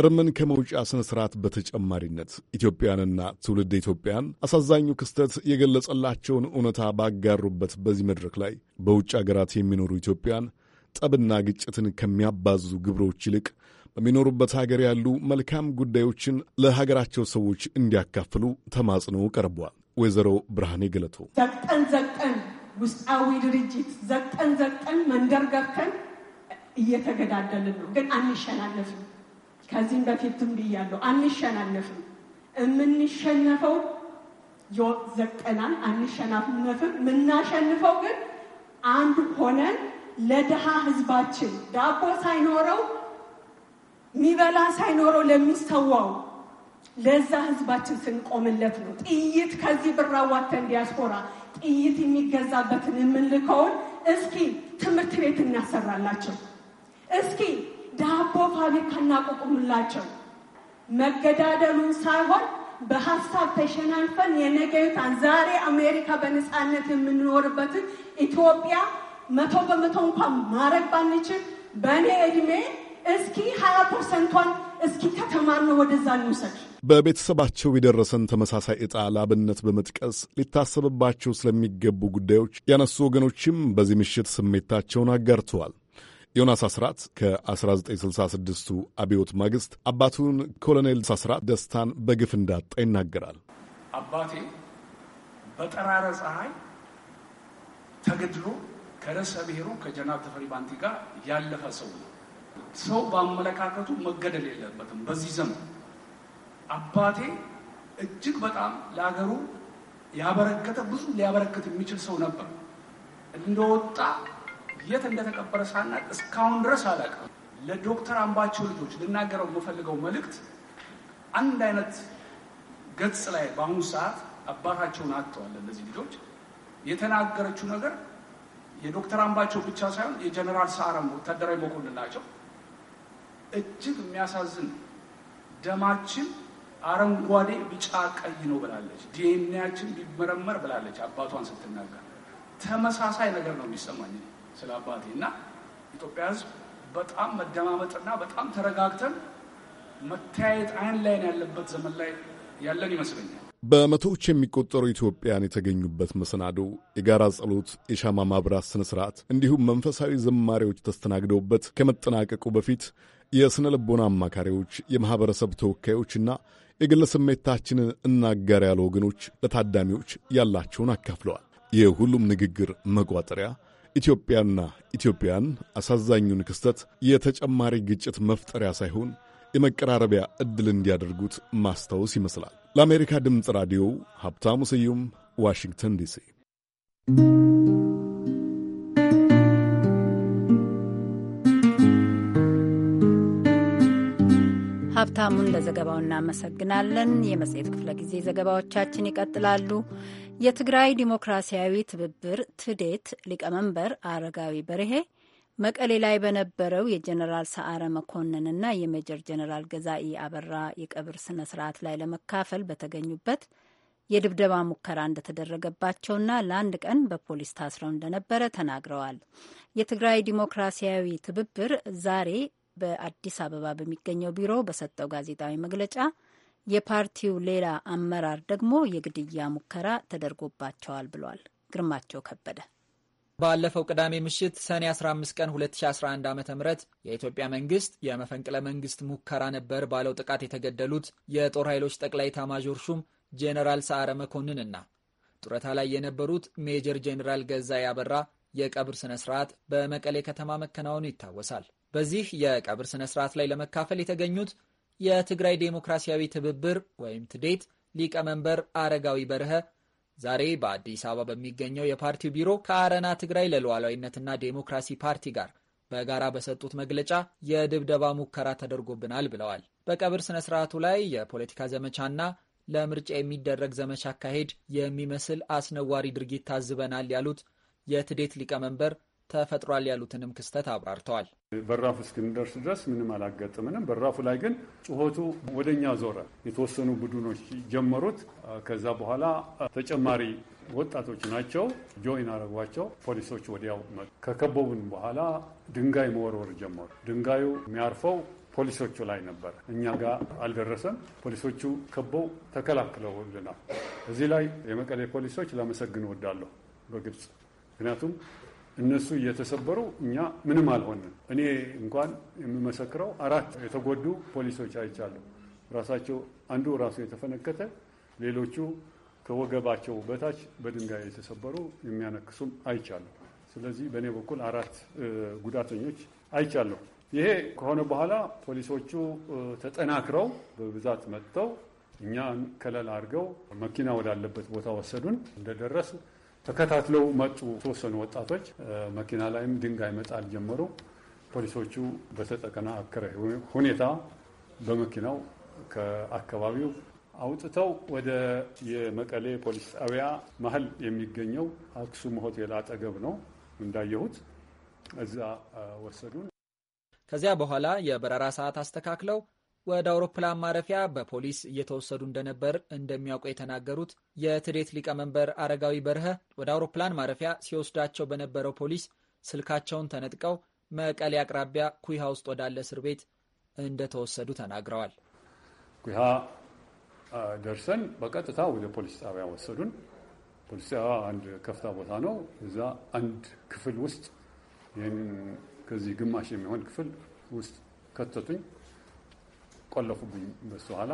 እርምን ከመውጫ ስነ ስርዓት በተጨማሪነት ኢትዮጵያንና ትውልድ ኢትዮጵያን አሳዛኙ ክስተት የገለጸላቸውን እውነታ ባጋሩበት በዚህ መድረክ ላይ በውጭ አገራት የሚኖሩ ኢትዮጵያን ጠብና ግጭትን ከሚያባዙ ግብሮች ይልቅ በሚኖሩበት ሀገር ያሉ መልካም ጉዳዮችን ለሀገራቸው ሰዎች እንዲያካፍሉ ተማጽኖ ቀርቧል። ወይዘሮ ብርሃኔ ገለቶ ዘቀን ዘቀን ውስጣዊ ድርጅት ዘቀን ዘቀን መንደር ገብተን እየተገዳደልን ነው፣ ግን አንሸናነፍም ከዚህም በፊትም ብያለሁ፣ አንሸናነፍም። የምንሸነፈው ዘቀናን አንሸናነፍም። የምናሸንፈው ግን አንድ ሆነን ለድሃ ህዝባችን ዳቦ ሳይኖረው ሚበላ ሳይኖረው ለሚሰዋው ለዛ ህዝባችን ስንቆምለት ነው። ጥይት ከዚህ ብራዋተን ዲያስፖራ ጥይት የሚገዛበትን የምንልከውን እስኪ ትምህርት ቤት እናሰራላቸው እስኪ ዳቦ ፋብሪካ እናቋቁምላቸው። መገዳደሉን ሳይሆን በሀሳብ ተሸናንፈን የነገዩታን ዛሬ አሜሪካ በነፃነት የምንኖርበትን ኢትዮጵያ መቶ በመቶ እንኳን ማድረግ ባንችል በእኔ እድሜ እስኪ ሀያ ፐርሰንቷን እስኪ ከተማርነ ወደዛ እንውሰድ። በቤተሰባቸው የደረሰን ተመሳሳይ ዕጣ ላብነት በመጥቀስ ሊታሰብባቸው ስለሚገቡ ጉዳዮች ያነሱ ወገኖችም በዚህ ምሽት ስሜታቸውን አጋርተዋል። ዮናስ አስራት ከ1966ቱ አብዮት ማግስት አባቱን ኮሎኔል አስራት ደስታን በግፍ እንዳጣ ይናገራል። አባቴ በጠራረ ፀሐይ ተገድሎ ከርዕሰ ብሔሩ ከጀናብ ተፈሪ ባንቲ ጋር ያለፈ ሰው ነው። ሰው በአመለካከቱ መገደል የለበትም። በዚህ ዘመን አባቴ እጅግ በጣም ለሀገሩ ያበረከተ ብዙ ሊያበረከት የሚችል ሰው ነበር። እንደወጣ የት እንደተቀበረ ሳናቅ እስካሁን ድረስ አላውቅም። ለዶክተር አምባቸው ልጆች ልናገረው የምፈልገው መልእክት አንድ አይነት ገጽ ላይ በአሁኑ ሰዓት አባታቸውን አጥተዋል። እነዚህ ልጆች የተናገረችው ነገር የዶክተር አምባቸው ብቻ ሳይሆን የጀኔራል ሳረም ወታደራዊ መኮንን ናቸው። እጅግ የሚያሳዝን ደማችን አረንጓዴ፣ ቢጫ፣ ቀይ ነው ብላለች። ዲኤንኤያችን ቢመረመር ብላለች አባቷን ስትናገር። ተመሳሳይ ነገር ነው የሚሰማኝ ስለ አባቴ እና ኢትዮጵያ ህዝብ በጣም መደማመጥና በጣም ተረጋግተን መተያየት አይን ላይን ያለበት ዘመን ላይ ያለን ይመስለኛል። በመቶዎች የሚቆጠሩ ኢትዮጵያን የተገኙበት መሰናዶ የጋራ ጸሎት፣ የሻማ ማብራት ስነ ስርዓት እንዲሁም መንፈሳዊ ዘማሪዎች ተስተናግደውበት ከመጠናቀቁ በፊት የሥነ ልቦና አማካሪዎች፣ የማኅበረሰብ ተወካዮችና የግለ ስሜታችንን እናጋር ያሉ ወገኖች ለታዳሚዎች ያላቸውን አካፍለዋል። የሁሉም ንግግር መቋጠሪያ ኢትዮጵያና ኢትዮጵያን አሳዛኙን ክስተት የተጨማሪ ግጭት መፍጠሪያ ሳይሆን የመቀራረቢያ ዕድል እንዲያደርጉት ማስታወስ ይመስላል። ለአሜሪካ ድምፅ ራዲዮ ሀብታሙ ስዩም ዋሽንግተን ዲሲ። ሀብታሙን ለዘገባው እናመሰግናለን። የመጽሔት ክፍለ ጊዜ ዘገባዎቻችን ይቀጥላሉ። የትግራይ ዲሞክራሲያዊ ትብብር ትዴት ሊቀመንበር አረጋዊ በርሄ መቀሌ ላይ በነበረው ሰአረ ሰዓረ መኮንንና የሜጀር ጀነራል ገዛኢ አበራ የቀብር ስነ ስርዓት ላይ ለመካፈል በተገኙበት የድብደባ ሙከራ እንደተደረገባቸውና ለአንድ ቀን በፖሊስ ታስረው እንደነበረ ተናግረዋል። የትግራይ ዲሞክራሲያዊ ትብብር ዛሬ በአዲስ አበባ በሚገኘው ቢሮ በሰጠው ጋዜጣዊ መግለጫ የፓርቲው ሌላ አመራር ደግሞ የግድያ ሙከራ ተደርጎባቸዋል ብሏል። ግርማቸው ከበደ ባለፈው ቅዳሜ ምሽት ሰኔ 15 ቀን 2011 ዓ ም የኢትዮጵያ መንግስት የመፈንቅለ መንግስት ሙከራ ነበር ባለው ጥቃት የተገደሉት የጦር ኃይሎች ጠቅላይ ታማዦር ሹም ጄኔራል ሰዓረ መኮንንና ጡረታ ላይ የነበሩት ሜጀር ጄኔራል ገዛ ያበራ የቀብር ስነ ስርዓት በመቀሌ ከተማ መከናወኑ ይታወሳል። በዚህ የቀብር ስነ ስርዓት ላይ ለመካፈል የተገኙት የትግራይ ዴሞክራሲያዊ ትብብር ወይም ትዴት ሊቀመንበር አረጋዊ በርሀ ዛሬ በአዲስ አበባ በሚገኘው የፓርቲው ቢሮ ከአረና ትግራይ ለሉዓላዊነትና ዴሞክራሲ ፓርቲ ጋር በጋራ በሰጡት መግለጫ የድብደባ ሙከራ ተደርጎብናል ብለዋል። በቀብር ስነ ስርዓቱ ላይ የፖለቲካ ዘመቻና ለምርጫ የሚደረግ ዘመቻ አካሄድ የሚመስል አስነዋሪ ድርጊት ታዝበናል ያሉት የትዴት ሊቀመንበር ተፈጥሯል ያሉትንም ክስተት አብራርተዋል። በራፉ እስክንደርስ ድረስ ምንም አላጋጠምንም። በራፉ ላይ ግን ጩኸቱ ወደኛ ዞረ። የተወሰኑ ቡድኖች ጀመሩት። ከዛ በኋላ ተጨማሪ ወጣቶች ናቸው ጆይን አረጓቸው። ፖሊሶች ወዲያው ከከበቡን በኋላ ድንጋይ መወርወር ጀመሩ። ድንጋዩ የሚያርፈው ፖሊሶቹ ላይ ነበር እኛ ጋር አልደረሰም። ፖሊሶቹ ከበው ተከላክለውልናል። እዚህ ላይ የመቀሌ ፖሊሶች ላመሰግን ወዳለሁ በግልጽ ምክንያቱም እነሱ እየተሰበሩ እኛ ምንም አልሆንም። እኔ እንኳን የምመሰክረው አራት የተጎዱ ፖሊሶች አይቻለሁ። ራሳቸው አንዱ ራሱ የተፈነከተ ሌሎቹ ከወገባቸው በታች በድንጋይ የተሰበሩ የሚያነክሱም አይቻለሁ። ስለዚህ በእኔ በኩል አራት ጉዳተኞች አይቻለሁ። ይሄ ከሆነ በኋላ ፖሊሶቹ ተጠናክረው በብዛት መጥተው እኛ ከለል አድርገው መኪና ወዳለበት ቦታ ወሰዱን። እንደደረሱ ተከታትለው መጡ። የተወሰኑ ወጣቶች መኪና ላይም ድንጋይ መጣል ጀመሩ። ፖሊሶቹ በተጠናከረ ሁኔታ በመኪናው ከአካባቢው አውጥተው ወደ የመቀሌ ፖሊስ ጣቢያ መሀል የሚገኘው አክሱም ሆቴል አጠገብ ነው እንዳየሁት፣ እዛ ወሰዱን። ከዚያ በኋላ የበረራ ሰዓት አስተካክለው ወደ አውሮፕላን ማረፊያ በፖሊስ እየተወሰዱ እንደነበር እንደሚያውቁ የተናገሩት የትዴት ሊቀመንበር አረጋዊ በርሀ ወደ አውሮፕላን ማረፊያ ሲወስዳቸው በነበረው ፖሊስ ስልካቸውን ተነጥቀው መቀሌ አቅራቢያ ኩይሃ ውስጥ ወዳለ እስር ቤት እንደተወሰዱ ተናግረዋል። ኩይሃ ደርሰን በቀጥታ ወደ ፖሊስ ጣቢያ ወሰዱን። ፖሊስ ጣቢያ አንድ ከፍታ ቦታ ነው። እዛ አንድ ክፍል ውስጥ ከዚህ ግማሽ የሚሆን ክፍል ውስጥ ከተቱኝ። ቆለፉብኝ። በሱ ኋላ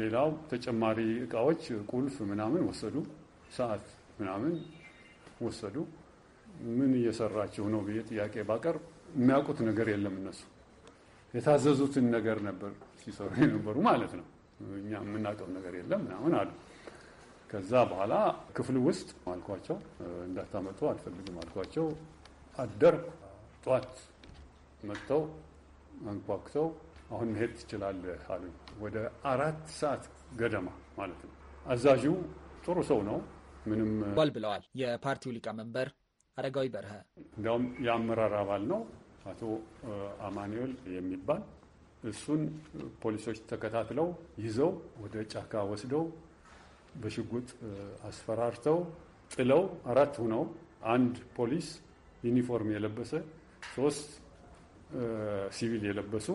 ሌላው ተጨማሪ እቃዎች ቁልፍ ምናምን ወሰዱ፣ ሰዓት ምናምን ወሰዱ። ምን እየሰራችሁ ነው ብዬ ጥያቄ ባቀርብ የሚያውቁት ነገር የለም እነሱ የታዘዙትን ነገር ነበር ሲሰሩ የነበሩ ማለት ነው። እኛ የምናውቀው ነገር የለም ምናምን አሉ። ከዛ በኋላ ክፍል ውስጥ አልኳቸው፣ እንዳታመጡ አልፈልግም አልኳቸው። አደርኩ። ጠዋት መጥተው አንኳኩተው አሁን መሄድ ትችላለህ አሉ። ወደ አራት ሰዓት ገደማ ማለት ነው። አዛዡ ጥሩ ሰው ነው። ምንም ባል ብለዋል የፓርቲው ሊቀመንበር አረጋዊ በርሀ። እንዲያውም የአመራር አባል ነው አቶ አማኑኤል የሚባል እሱን ፖሊሶች ተከታትለው ይዘው ወደ ጫካ ወስደው በሽጉጥ አስፈራርተው ጥለው አራት ሆነው አንድ ፖሊስ ዩኒፎርም የለበሰ ሶስት ሲቪል የለበሱ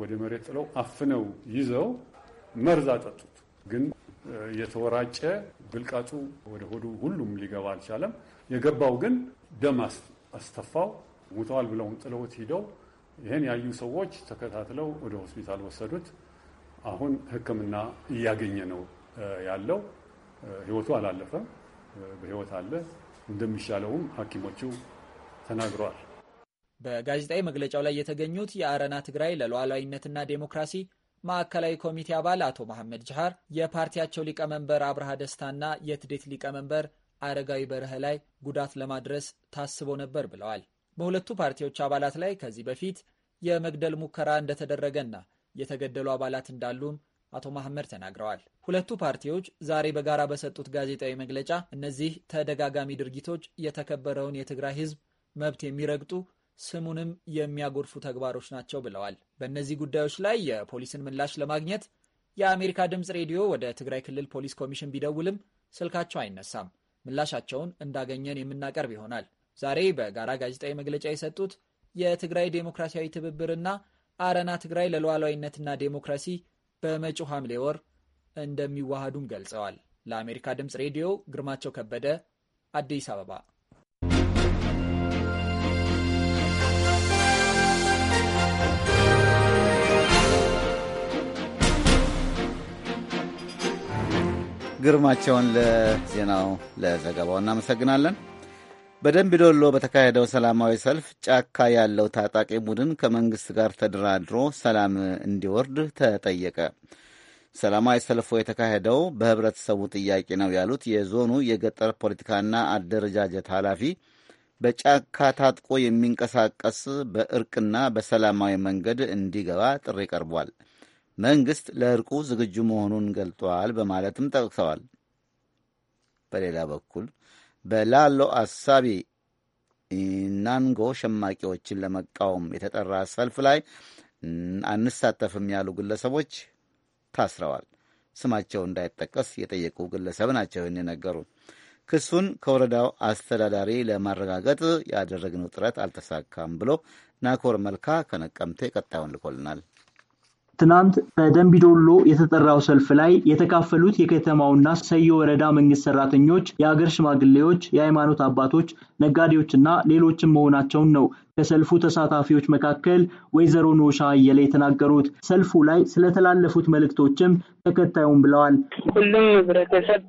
ወደ መሬት ጥለው አፍነው ይዘው መርዝ አጠጡት። ግን የተወራጨ ብልቃጡ ወደ ሆዱ ሁሉም ሊገባ አልቻለም። የገባው ግን ደም አስተፋው። ሙተዋል ብለውን ጥለውት ሂደው ይህን ያዩ ሰዎች ተከታትለው ወደ ሆስፒታል ወሰዱት። አሁን ሕክምና እያገኘ ነው ያለው። ህይወቱ አላለፈም፣ በህይወት አለ። እንደሚሻለውም ሐኪሞቹ ተናግረዋል። በጋዜጣዊ መግለጫው ላይ የተገኙት የአረና ትግራይ ለሉዓላዊነትና ዴሞክራሲ ማዕከላዊ ኮሚቴ አባል አቶ መሐመድ ጅሃር የፓርቲያቸው ሊቀመንበር አብርሃ ደስታና የትዴት ሊቀመንበር አረጋዊ በረህ ላይ ጉዳት ለማድረስ ታስቦ ነበር ብለዋል። በሁለቱ ፓርቲዎች አባላት ላይ ከዚህ በፊት የመግደል ሙከራ እንደተደረገና የተገደሉ አባላት እንዳሉም አቶ መሐመድ ተናግረዋል። ሁለቱ ፓርቲዎች ዛሬ በጋራ በሰጡት ጋዜጣዊ መግለጫ እነዚህ ተደጋጋሚ ድርጊቶች የተከበረውን የትግራይ ሕዝብ መብት የሚረግጡ ስሙንም የሚያጎድፉ ተግባሮች ናቸው ብለዋል። በእነዚህ ጉዳዮች ላይ የፖሊስን ምላሽ ለማግኘት የአሜሪካ ድምፅ ሬዲዮ ወደ ትግራይ ክልል ፖሊስ ኮሚሽን ቢደውልም ስልካቸው አይነሳም። ምላሻቸውን እንዳገኘን የምናቀርብ ይሆናል። ዛሬ በጋራ ጋዜጣዊ መግለጫ የሰጡት የትግራይ ዴሞክራሲያዊ ትብብርና አረና ትግራይ ለሉዓላዊነትና ዴሞክራሲ በመጪው ሐምሌ ወር እንደሚዋሃዱም ገልጸዋል። ለአሜሪካ ድምፅ ሬዲዮ ግርማቸው ከበደ አዲስ አበባ ግርማቸውን ለዜናው ለዘገባው እናመሰግናለን። በደንቢዶሎ በተካሄደው ሰላማዊ ሰልፍ ጫካ ያለው ታጣቂ ቡድን ከመንግሥት ጋር ተደራድሮ ሰላም እንዲወርድ ተጠየቀ። ሰላማዊ ሰልፉ የተካሄደው በህብረተሰቡ ጥያቄ ነው ያሉት የዞኑ የገጠር ፖለቲካና አደረጃጀት ኃላፊ በጫካ ታጥቆ የሚንቀሳቀስ በእርቅና በሰላማዊ መንገድ እንዲገባ ጥሪ ቀርቧል። መንግሥት ለእርቁ ዝግጁ መሆኑን ገልጧል በማለትም ጠቅሰዋል። በሌላ በኩል በላሎ አሳቢ ኢናንጎ ሸማቂዎችን ለመቃወም የተጠራ ሰልፍ ላይ አንሳተፍም ያሉ ግለሰቦች ታስረዋል። ስማቸው እንዳይጠቀስ የጠየቁ ግለሰብ ናቸው ይህን የነገሩ። ክሱን ከወረዳው አስተዳዳሪ ለማረጋገጥ ያደረግነው ጥረት አልተሳካም ብሎ ናኮር መልካ ከነቀምቴ ቀጣዩን ልኮልናል። ትናንት በደንቢዶሎ የተጠራው ሰልፍ ላይ የተካፈሉት የከተማውና ሰዮ ወረዳ መንግስት ሰራተኞች፣ የአገር ሽማግሌዎች፣ የሃይማኖት አባቶች ነጋዴዎችና ሌሎችም መሆናቸውን ነው ከሰልፉ ተሳታፊዎች መካከል ወይዘሮ ኖሻ አየለ የተናገሩት። ሰልፉ ላይ ስለተላለፉት መልእክቶችም ተከታዩም ብለዋል። ሁሉም ህብረተሰብ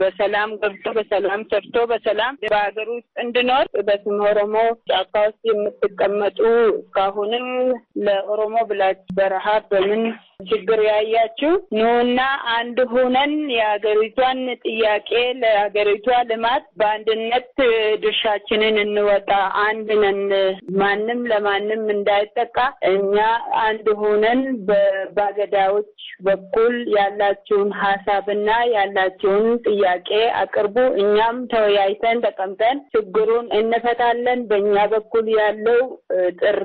በሰላም ገብቶ በሰላም ሰርቶ በሰላም በሀገር ውስጥ እንድኖር በስም ኦሮሞ ጫካ ውስጥ የምትቀመጡ እስካሁንም ለኦሮሞ ብላችሁ በረሃብ በምን ችግር ያያችሁ ኑና አንድ ሁነን የሀገሪቷን ጥያቄ ለሀገሪቷ ልማት በአንድነት ድርሻችንን እንወጣ። አንድ ነን፣ ማንም ለማንም እንዳይጠቃ እኛ አንድ ሁነን በባገዳዎች በኩል ያላችሁን ሀሳብና ያላችሁን ጥያቄ አቅርቡ። እኛም ተወያይተን ተቀምጠን ችግሩን እንፈታለን። በእኛ በኩል ያለው ጥሪ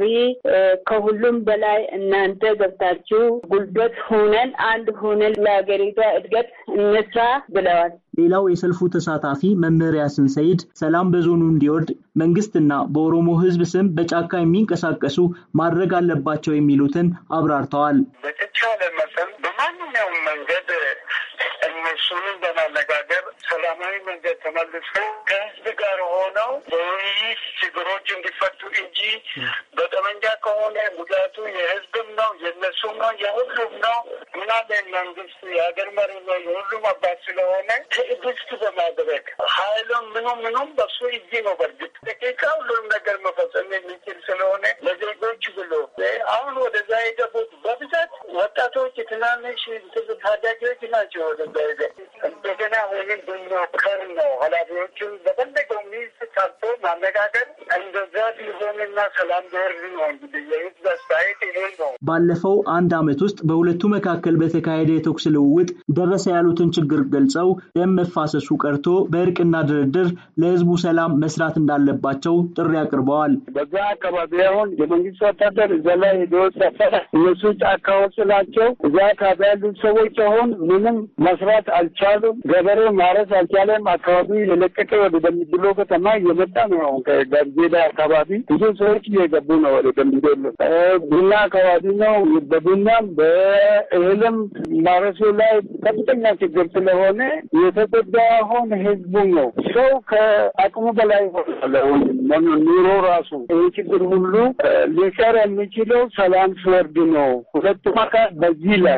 ከሁሉም በላይ እናንተ ገብታችሁ ጉልበት ሆነን አንድ ሆነን ለሀገሪቷ እድገት እንስራ ብለዋል። ሌላው የሰልፉ ተሳታፊ መምህር ስንሰይድ ሰይድ ሰላም በዞኑ እንዲወርድ መንግስትና በኦሮሞ ሕዝብ ስም በጫካ የሚንቀሳቀሱ ማድረግ አለባቸው የሚሉትን አብራርተዋል። በተቻለ መጠን ተመልሰው ከህዝብ ጋር ሆነው በውይይት ችግሮች እንዲፈቱ እንጂ በጠመንጃ ከሆነ ጉዳቱ የህዝብም ነው የነሱም ነው የሁሉም ነው እና መንግስት የሀገር መሪ ነው የሁሉም አባት ስለሆነ ትዕግስት በማድረግ ሀይልም ምኑ ምኑም በሱ እጅ ነው። በእርግጥ ደቂቃ ሁሉም ነገር መፈጸም የሚችል ስለሆነ ለዜጎች ብሎ አሁን ወደዛ የገቡት በብዛት ወጣቶች፣ ትናንሽ ታዳጊዎች ናቸው። ወደዛ የገቡት እንደገና አሁንም ብንሞከር ነው ኃላፊዎችን በፈለገው ሚኒስት ሰርቶ ማነጋገር እንደዛ ሲሆንና ሰላም ቢወርድ ነው። እንግዲህ የህዝብ አስተያየት ይሄ ነው። ባለፈው አንድ አመት ውስጥ በሁለቱ መካከል በተካሄደ የተኩስ ልውውጥ ደረሰ ያሉትን ችግር ገልጸው ደም መፋሰሱ ቀርቶ በእርቅና ድርድር ለህዝቡ ሰላም መስራት እንዳለባቸው ጥሪ አቅርበዋል። በዛ አካባቢ አሁን የመንግስት ወታደር እዛ ላይ ሄዶ ሰፈረ። እነሱ ጫካዎች ናቸው። እዛ አካባቢ ያሉት ሰዎች አሁን ምንም መስራት አልቻሉም። ገበሬ ማረስ አልቻለም አካባቢ አካባቢ የለቀቀ ወደ ደምቢዶሎ ከተማ እየመጣ ነው። አሁን ከጋዜዳ አካባቢ ብዙ ሰዎች እየገቡ ነው ወደ ደምቢዶሎ። ቡና አካባቢ ነው። በቡናም በእህልም ማረሱ ላይ ከፍተኛ ችግር ስለሆነ የተጎዳ አሁን ህዝቡ ነው። ሰው ከአቅሙ በላይ ሆኗል። ኑሮ ራሱ ይህ ችግር ሁሉ ሊቀር የሚችለው ሰላም ስወርድ ነው። ሁለቱም አካል በዚህ ላይ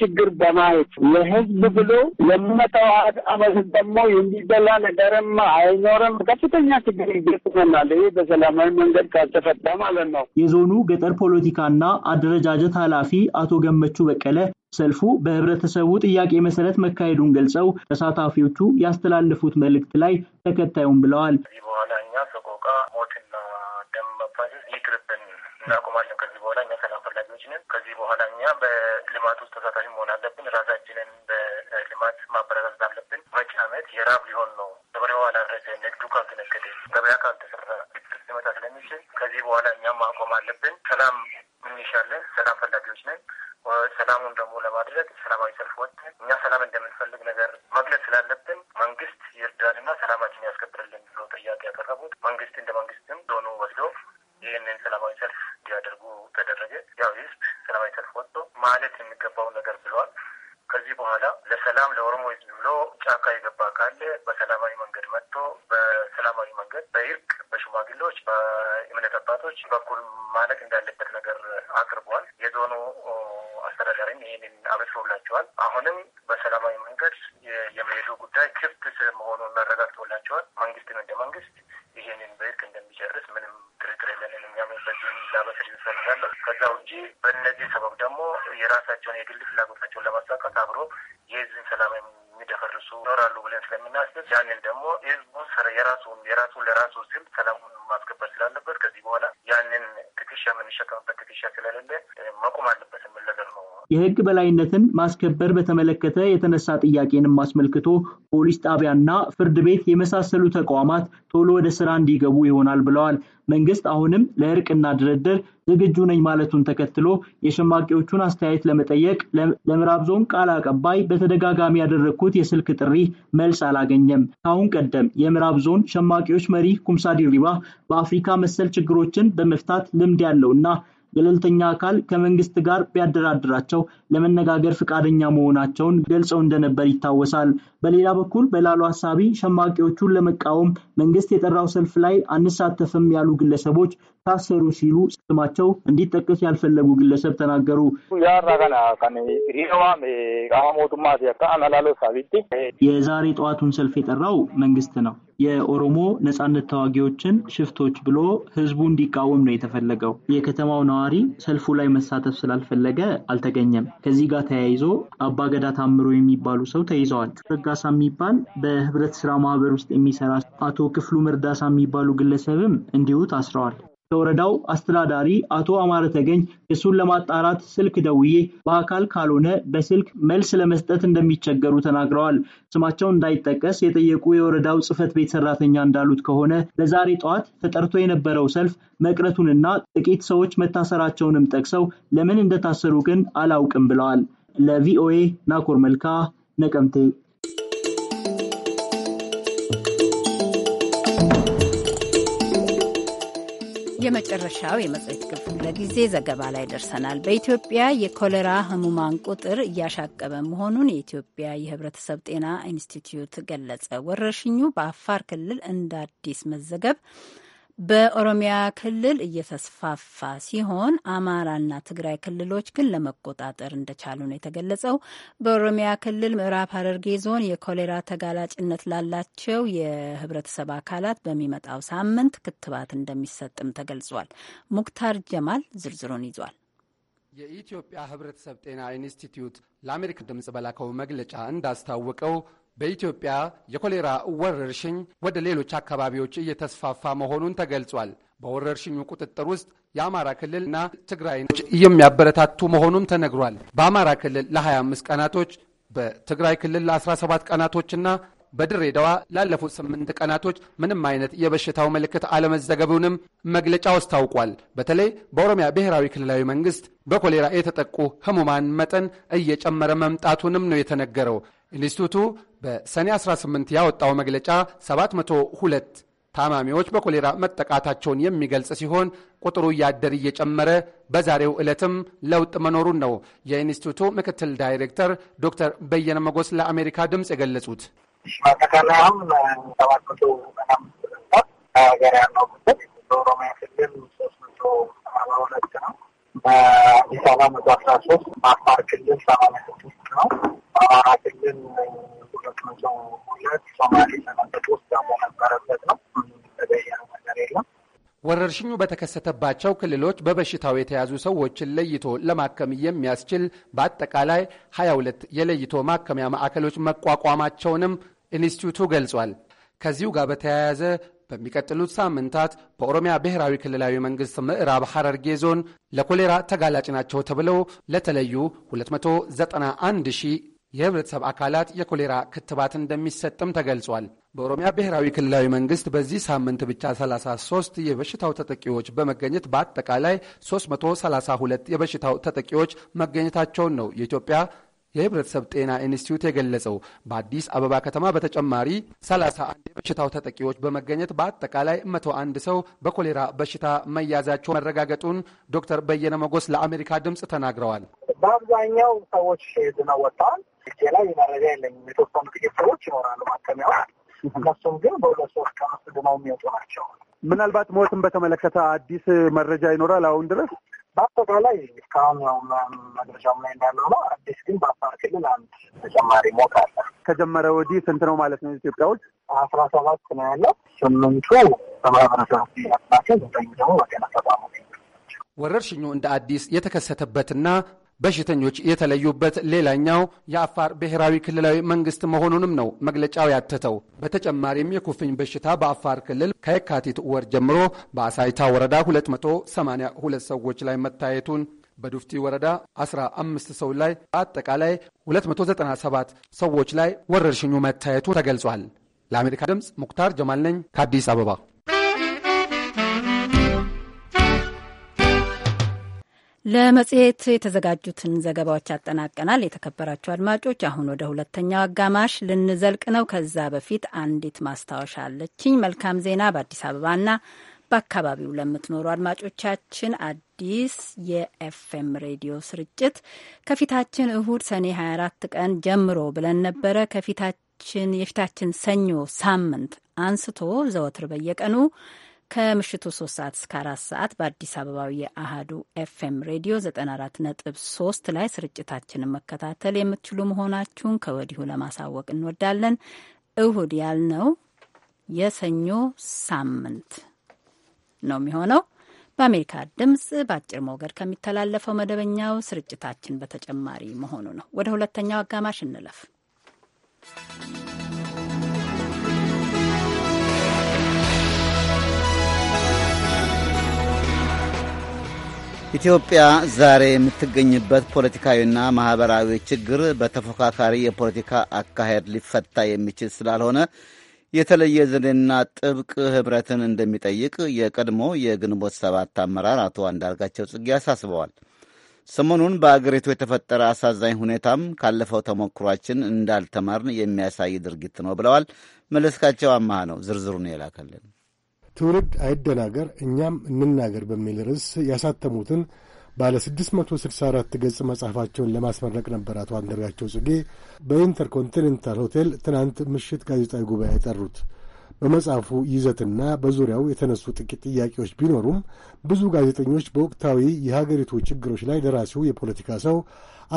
ችግር በማየት ለህዝብ ብሎ ለሚመጣው አመት ደግሞ የሚበላ ነገርም አይኖርም። ከፍተኛ ችግር ይገጥመናል። ይህ በሰላማዊ መንገድ ካልተፈታ ማለት ነው። የዞኑ ገጠር ፖለቲካና አደረጃጀት ኃላፊ አቶ ገመቹ በቀለ ሰልፉ በህብረተሰቡ ጥያቄ መሰረት መካሄዱን ገልጸው ተሳታፊዎቹ ያስተላለፉት መልእክት ላይ ተከታዩም ብለዋል። ከዚህ በኋላ እኛ ሰቆቃ፣ ሞትና ደም መፋሰስ ይቅርብን፣ ከዚህ በኋላ እኛ በልማት ውስጥ ተሳታፊ መሆን አለብን። ራሳችንን በልማት ማበረታት አለብን። መጪ ዓመት የራብ ሊሆን ነው። ገበሬው አላረሰ፣ ንግዱ ካልተነገደ፣ ገበያ ካልተሰራ ግጭት ሊመጣ ስለሚችል ከዚህ በኋላ እኛ ማቆም አለብን። ሰላም እንሻለን። ሰላም ፈላጊዎች ነን። ሰላሙን ደግሞ ለማድረግ ሰላማዊ ሰልፍ ወጥተን እኛ ሰላም እንደምንፈልግ ነገር መግለጽ ስላለብን መንግስት ይርዳንና ሰላማችን ያስከብርልን ብሎ ጥያቄ ያቀረቡት መንግስት እንደ መንግስትም ዞኑ ወስዶ ይህንን ሰላማዊ ሰልፍ እንዲያደርጉ ተደረገ። ያው ህዝብ ሰላማዊ ሰልፍ ወጥቶ ማለት የሚገባውን ነገር ብለዋል። ከዚህ በኋላ ለሰላም ለኦሮሞ ህዝብ ብሎ ጫካ የገባ ካለ በሰላማዊ መንገድ መጥቶ በሰላማዊ መንገድ በእርቅ በሽማግሌዎች በእምነት አባቶች በኩል ማለቅ እንዳለበት ነገር አቅርቧል። የዞኑ አስተዳዳሪም ይህንን አበስሮላቸዋል። አሁንም በሰላማዊ መንገድ የመሄዱ ጉዳይ ክፍት ስለመሆኑን መረጋግጦላቸዋል። መንግስትም እንደ መንግስት ይህንን በህግ እንደሚጨርስ ምንም ትርትር የለንን እኛም በዚህም ላበስር ይፈልጋለ። ከዛ ውጪ በእነዚህ ሰበብ ደግሞ የራሳቸውን የግል ፍላጎታቸውን ለማሳካት አብሮ የህዝብን ሰላማዊ የሚደፈርሱ ይኖራሉ ብለን ስለምናስብ ያንን ደግሞ ህዝቡ የራሱን የራሱን ለራሱ ስም ሰላሙን ማስከበር ስላለበት ከዚህ በኋላ ያንን ትከሻ የምንሸከምበት ትከሻ ስለሌለ መቆም አለበት የሚል ነገር ነው። የህግ በላይነትን ማስከበር በተመለከተ የተነሳ ጥያቄንም አስመልክቶ ፖሊስ ጣቢያና ፍርድ ቤት የመሳሰሉ ተቋማት ቶሎ ወደ ስራ እንዲገቡ ይሆናል ብለዋል። መንግስት አሁንም ለእርቅና ድርድር ዝግጁ ነኝ ማለቱን ተከትሎ የሸማቂዎቹን አስተያየት ለመጠየቅ ለምዕራብ ዞን ቃል አቀባይ በተደጋጋሚ ያደረግኩት የስልክ ጥሪ መልስ አላገኘም። ከአሁን ቀደም የምዕራብ ዞን ሸማቂዎች መሪ ኩምሳ ዲሪባ በአፍሪካ መሰል ችግሮችን በመፍታት ልምድ ያለውና ገለልተኛ አካል ከመንግስት ጋር ቢያደራድራቸው ለመነጋገር ፈቃደኛ መሆናቸውን ገልጸው እንደነበር ይታወሳል። በሌላ በኩል በላሉ ሀሳቢ ሸማቂዎቹን ለመቃወም መንግስት የጠራው ሰልፍ ላይ አንሳተፍም ያሉ ግለሰቦች ታሰሩ ሲሉ ስማቸው እንዲጠቀስ ያልፈለጉ ግለሰብ ተናገሩ። የዛሬ ጠዋቱን ሰልፍ የጠራው መንግስት ነው። የኦሮሞ ነጻነት ተዋጊዎችን ሽፍቶች ብሎ ህዝቡ እንዲቃወም ነው የተፈለገው። የከተማው ነዋሪ ሰልፉ ላይ መሳተፍ ስላልፈለገ አልተገኘም። ከዚህ ጋር ተያይዞ አባገዳ ታምሮ የሚባሉ ሰው ተይዘዋል። ረጋሳ የሚባል በህብረት ስራ ማህበር ውስጥ የሚሰራ አቶ ክፍሉ መርዳሳ የሚባሉ ግለሰብም እንዲሁ ታስረዋል። የወረዳው አስተዳዳሪ አቶ አማረ ተገኝ እሱን ለማጣራት ስልክ ደውዬ በአካል ካልሆነ በስልክ መልስ ለመስጠት እንደሚቸገሩ ተናግረዋል። ስማቸው እንዳይጠቀስ የጠየቁ የወረዳው ጽህፈት ቤት ሰራተኛ እንዳሉት ከሆነ ለዛሬ ጠዋት ተጠርቶ የነበረው ሰልፍ መቅረቱንና ጥቂት ሰዎች መታሰራቸውንም ጠቅሰው ለምን እንደታሰሩ ግን አላውቅም ብለዋል። ለቪኦኤ ናኮር መልካ ነቀምቴ የመጨረሻው የመጽሔት ክፍለ ጊዜ ዘገባ ላይ ደርሰናል። በኢትዮጵያ የኮሌራ ህሙማን ቁጥር እያሻቀበ መሆኑን የኢትዮጵያ የህብረተሰብ ጤና ኢንስቲትዩት ገለጸ። ወረርሽኙ በአፋር ክልል እንደ አዲስ መዘገብ በኦሮሚያ ክልል እየተስፋፋ ሲሆን አማራና ትግራይ ክልሎች ግን ለመቆጣጠር እንደቻሉ ነው የተገለጸው። በኦሮሚያ ክልል ምዕራብ ሐረርጌ ዞን የኮሌራ ተጋላጭነት ላላቸው የህብረተሰብ አካላት በሚመጣው ሳምንት ክትባት እንደሚሰጥም ተገልጿል። ሙክታር ጀማል ዝርዝሩን ይዟል። የኢትዮጵያ ህብረተሰብ ጤና ኢንስቲትዩት ለአሜሪካ ድምጽ በላከው መግለጫ እንዳስታወቀው በኢትዮጵያ የኮሌራ ወረርሽኝ ወደ ሌሎች አካባቢዎች እየተስፋፋ መሆኑን ተገልጿል። በወረርሽኙ ቁጥጥር ውስጥ የአማራ ክልልና ትግራይ የሚያበረታቱ መሆኑም ተነግሯል። በአማራ ክልል ለ25 ቀናቶች፣ በትግራይ ክልል ለ17 ቀናቶችና በድሬዳዋ ላለፉት ስምንት ቀናቶች ምንም አይነት የበሽታው ምልክት አለመዘገቡንም መግለጫ አስታውቋል። በተለይ በኦሮሚያ ብሔራዊ ክልላዊ መንግስት በኮሌራ የተጠቁ ህሙማን መጠን እየጨመረ መምጣቱንም ነው የተነገረው። ኢንስቲቱቱ በሰኔ 18 ያወጣው መግለጫ 702 ታማሚዎች በኮሌራ መጠቃታቸውን የሚገልጽ ሲሆን ቁጥሩ እያደር እየጨመረ በዛሬው ዕለትም ለውጥ መኖሩን ነው የኢንስቲቱቱ ምክትል ዳይሬክተር ዶክተር በየነ መጎስ ለአሜሪካ ድምፅ የገለጹት። ሰባት መቶ ሀገር ያለው ቁጥር በኦሮሚያ ክልል ሶስት መቶ ሰባ ሁለት ነው። በአዲስ አበባ መቶ አስራ ሶስት በአፋር ክልል ሰማንያ ስድስት ነው። በአማራ ክልል ሁለት መቶ ሁለት ሶማሌ ሰናበት ውስጥ ደግሞ ነበረበት ነው። የተለየ ነገር የለም። ወረርሽኙ በተከሰተባቸው ክልሎች በበሽታው የተያዙ ሰዎችን ለይቶ ለማከም የሚያስችል በአጠቃላይ 22 የለይቶ ማከሚያ ማዕከሎች መቋቋማቸውንም ኢንስቲቱቱ ገልጿል። ከዚሁ ጋር በተያያዘ በሚቀጥሉት ሳምንታት በኦሮሚያ ብሔራዊ ክልላዊ መንግስት ምዕራብ ሐረርጌ ዞን ለኮሌራ ተጋላጭ ናቸው ተብለው ለተለዩ 291 ሺህ የህብረተሰብ አካላት የኮሌራ ክትባት እንደሚሰጥም ተገልጿል። በኦሮሚያ ብሔራዊ ክልላዊ መንግስት በዚህ ሳምንት ብቻ 33 የበሽታው ተጠቂዎች በመገኘት በአጠቃላይ 332 የበሽታው ተጠቂዎች መገኘታቸውን ነው የኢትዮጵያ የህብረተሰብ ጤና ኢንስቲትዩት የገለጸው በአዲስ አበባ ከተማ በተጨማሪ 31 የበሽታው ተጠቂዎች በመገኘት በአጠቃላይ 101 ሰው በኮሌራ በሽታ መያዛቸው መረጋገጡን ዶክተር በየነ መጎስ ለአሜሪካ ድምፅ ተናግረዋል። በአብዛኛው ሰዎች ድነው ወጥተዋል። ላይ መረጃ የለኝም። የተወሰኑ ጥቂት ሰዎች ይኖራሉ ማከሚያዋል። እነሱም ግን በሁለት ሶስት ቀን ውስጥ ድነው የሚወጡ ናቸው። ምናልባት ሞትን በተመለከተ አዲስ መረጃ ይኖራል አሁን ድረስ በአጠቃላይ እስካሁን ያው መግለጫው ላይ እንዳለው ነው። አዲስ ግን በአፋር ክልል አንድ ተጨማሪ ሞት አለ። ከጀመረ ወዲህ ስንት ነው ማለት ነው? ኢትዮጵያ ውስጥ አስራ ሰባት ነው ያለው። ስምንቱ በማህበረሰብ ናቸው፣ ዘጠኝ ደግሞ በጤና ተቋሙ ወረርሽኙ እንደ አዲስ የተከሰተበትና በሽተኞች የተለዩበት ሌላኛው የአፋር ብሔራዊ ክልላዊ መንግስት መሆኑንም ነው መግለጫው ያተተው። በተጨማሪም የኩፍኝ በሽታ በአፋር ክልል ከየካቲት ወር ጀምሮ በአሳይታ ወረዳ 282 ሰዎች ላይ መታየቱን በዱፍቲ ወረዳ 15 ሰው ላይ በአጠቃላይ 297 ሰዎች ላይ ወረርሽኙ መታየቱ ተገልጿል። ለአሜሪካ ድምፅ ሙክታር ጀማል ነኝ ከአዲስ አበባ። ለመጽሔት የተዘጋጁትን ዘገባዎች ያጠናቀናል። የተከበራቸው አድማጮች፣ አሁን ወደ ሁለተኛው አጋማሽ ልንዘልቅ ነው። ከዛ በፊት አንዲት ማስታወሻ አለችኝ። መልካም ዜና በአዲስ አበባና በአካባቢው ለምትኖሩ አድማጮቻችን አዲስ የኤፍኤም ሬዲዮ ስርጭት ከፊታችን እሁድ ሰኔ 24 ቀን ጀምሮ ብለን ነበረ። ከፊታችን የፊታችን ሰኞ ሳምንት አንስቶ ዘወትር በየቀኑ ከምሽቱ 3 ሰዓት እስከ 4 ሰዓት በአዲስ አበባዊ የአሃዱ ኤፍኤም ሬዲዮ 94.3 ላይ ስርጭታችንን መከታተል የምትችሉ መሆናችሁን ከወዲሁ ለማሳወቅ እንወዳለን። እሁድ ያልነው የሰኞ ሳምንት ነው የሚሆነው። በአሜሪካ ድምፅ በአጭር ሞገድ ከሚተላለፈው መደበኛው ስርጭታችን በተጨማሪ መሆኑ ነው። ወደ ሁለተኛው አጋማሽ እንለፍ። ኢትዮጵያ ዛሬ የምትገኝበት ፖለቲካዊና ማኅበራዊ ችግር በተፎካካሪ የፖለቲካ አካሄድ ሊፈታ የሚችል ስላልሆነ የተለየ ዘዴና ጥብቅ ኅብረትን እንደሚጠይቅ የቀድሞ የግንቦት ሰባት አመራር አቶ አንዳርጋቸው ጽጌ አሳስበዋል። ሰሞኑን በአገሪቱ የተፈጠረ አሳዛኝ ሁኔታም ካለፈው ተሞክሯችን እንዳልተማርን የሚያሳይ ድርጊት ነው ብለዋል። መለስካቸው አማሃ ነው ዝርዝሩን የላከልን። ትውልድ አይደናገር እኛም እንናገር በሚል ርዕስ ያሳተሙትን ባለ 664 ገጽ መጽሐፋቸውን ለማስመረቅ ነበር አቶ አንደርጋቸው ጽጌ በኢንተርኮንቲኔንታል ሆቴል ትናንት ምሽት ጋዜጣዊ ጉባኤ የጠሩት። በመጽሐፉ ይዘትና በዙሪያው የተነሱ ጥቂት ጥያቄዎች ቢኖሩም ብዙ ጋዜጠኞች በወቅታዊ የሀገሪቱ ችግሮች ላይ ደራሲው የፖለቲካ ሰው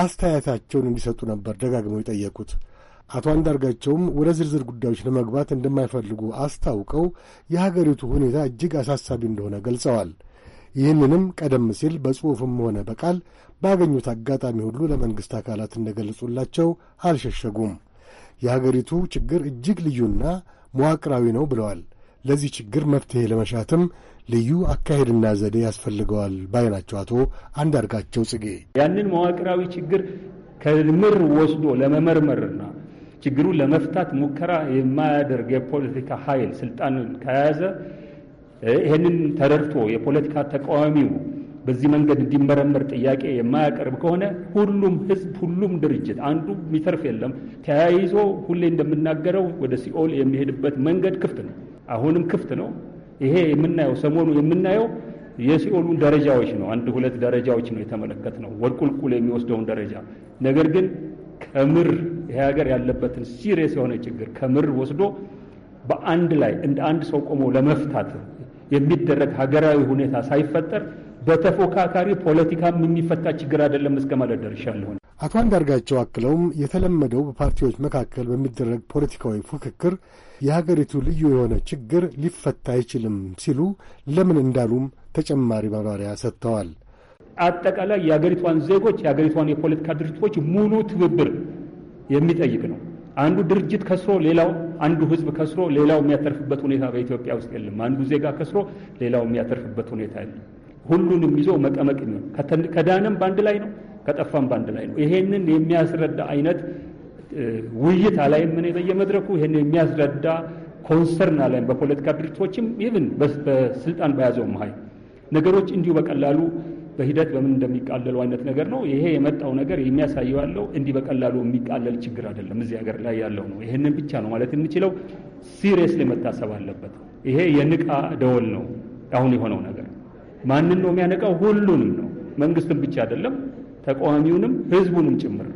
አስተያየታቸውን እንዲሰጡ ነበር ደጋግመው የጠየቁት። አቶ አንዳርጋቸውም ወደ ዝርዝር ጉዳዮች ለመግባት እንደማይፈልጉ አስታውቀው የሀገሪቱ ሁኔታ እጅግ አሳሳቢ እንደሆነ ገልጸዋል። ይህንንም ቀደም ሲል በጽሑፍም ሆነ በቃል ባገኙት አጋጣሚ ሁሉ ለመንግሥት አካላት እንደገለጹላቸው አልሸሸጉም። የሀገሪቱ ችግር እጅግ ልዩና መዋቅራዊ ነው ብለዋል። ለዚህ ችግር መፍትሔ ለመሻትም ልዩ አካሄድና ዘዴ ያስፈልገዋል ባይ ናቸው አቶ አንዳርጋቸው ጽጌ። ያንን መዋቅራዊ ችግር ከምር ወስዶ ለመመርመርና ችግሩን ለመፍታት ሙከራ የማያደርግ የፖለቲካ ኃይል ስልጣንን ከያዘ ይህንን ተረድቶ የፖለቲካ ተቃዋሚው በዚህ መንገድ እንዲመረመር ጥያቄ የማያቀርብ ከሆነ ሁሉም ህዝብ ሁሉም ድርጅት አንዱ የሚተርፍ የለም። ተያይዞ ሁሌ እንደምናገረው ወደ ሲኦል የሚሄድበት መንገድ ክፍት ነው፣ አሁንም ክፍት ነው። ይሄ የምናየው ሰሞኑ የምናየው የሲኦሉ ደረጃዎች ነው። አንድ ሁለት ደረጃዎች ነው ነው፣ ወድቁልቁል የሚወስደውን ደረጃ ነገር ግን ከምር ይሄ ሀገር ያለበትን ሲሪየስ የሆነ ችግር ከምር ወስዶ በአንድ ላይ እንደ አንድ ሰው ቆሞ ለመፍታት የሚደረግ ሀገራዊ ሁኔታ ሳይፈጠር በተፎካካሪ ፖለቲካም የሚፈታ ችግር አይደለም እስከ ማለት ደርሻለሁ። አቶ አንዳርጋቸው አክለውም የተለመደው በፓርቲዎች መካከል በሚደረግ ፖለቲካዊ ፉክክር የሀገሪቱ ልዩ የሆነ ችግር ሊፈታ አይችልም ሲሉ ለምን እንዳሉም ተጨማሪ ማብራሪያ ሰጥተዋል። አጠቃላይ የአገሪቷን ዜጎች የአገሪቷን የፖለቲካ ድርጅቶች ሙሉ ትብብር የሚጠይቅ ነው። አንዱ ድርጅት ከስሮ ሌላው አንዱ ህዝብ ከስሮ ሌላው የሚያተርፍበት ሁኔታ በኢትዮጵያ ውስጥ የለም። አንዱ ዜጋ ከስሮ ሌላው የሚያተርፍበት ሁኔታ የለም። ሁሉንም ይዞ መቀመቅ የሚሆን ከዳነም በአንድ ላይ ነው፣ ከጠፋም በአንድ ላይ ነው። ይሄንን የሚያስረዳ አይነት ውይይት አላይም ምን በየመድረኩ ይሄን የሚያስረዳ ኮንሰርን አላይም በፖለቲካ ድርጅቶችም ይብን በስልጣን በያዘው መሀይ ነገሮች እንዲሁ በቀላሉ በሂደት በምን እንደሚቃለሉ አይነት ነገር ነው። ይሄ የመጣው ነገር የሚያሳየው ያለው እንዲህ በቀላሉ የሚቃለል ችግር አይደለም፣ እዚህ ሀገር ላይ ያለው ነው። ይህንን ብቻ ነው ማለት የምችለው። ሲሪየስ መታሰብ አለበት። ይሄ የንቃ ደወል ነው አሁን የሆነው ነገር። ማንን ነው የሚያነቃው? ሁሉንም ነው። መንግስትን ብቻ አይደለም፣ ተቃዋሚውንም ህዝቡንም ጭምር።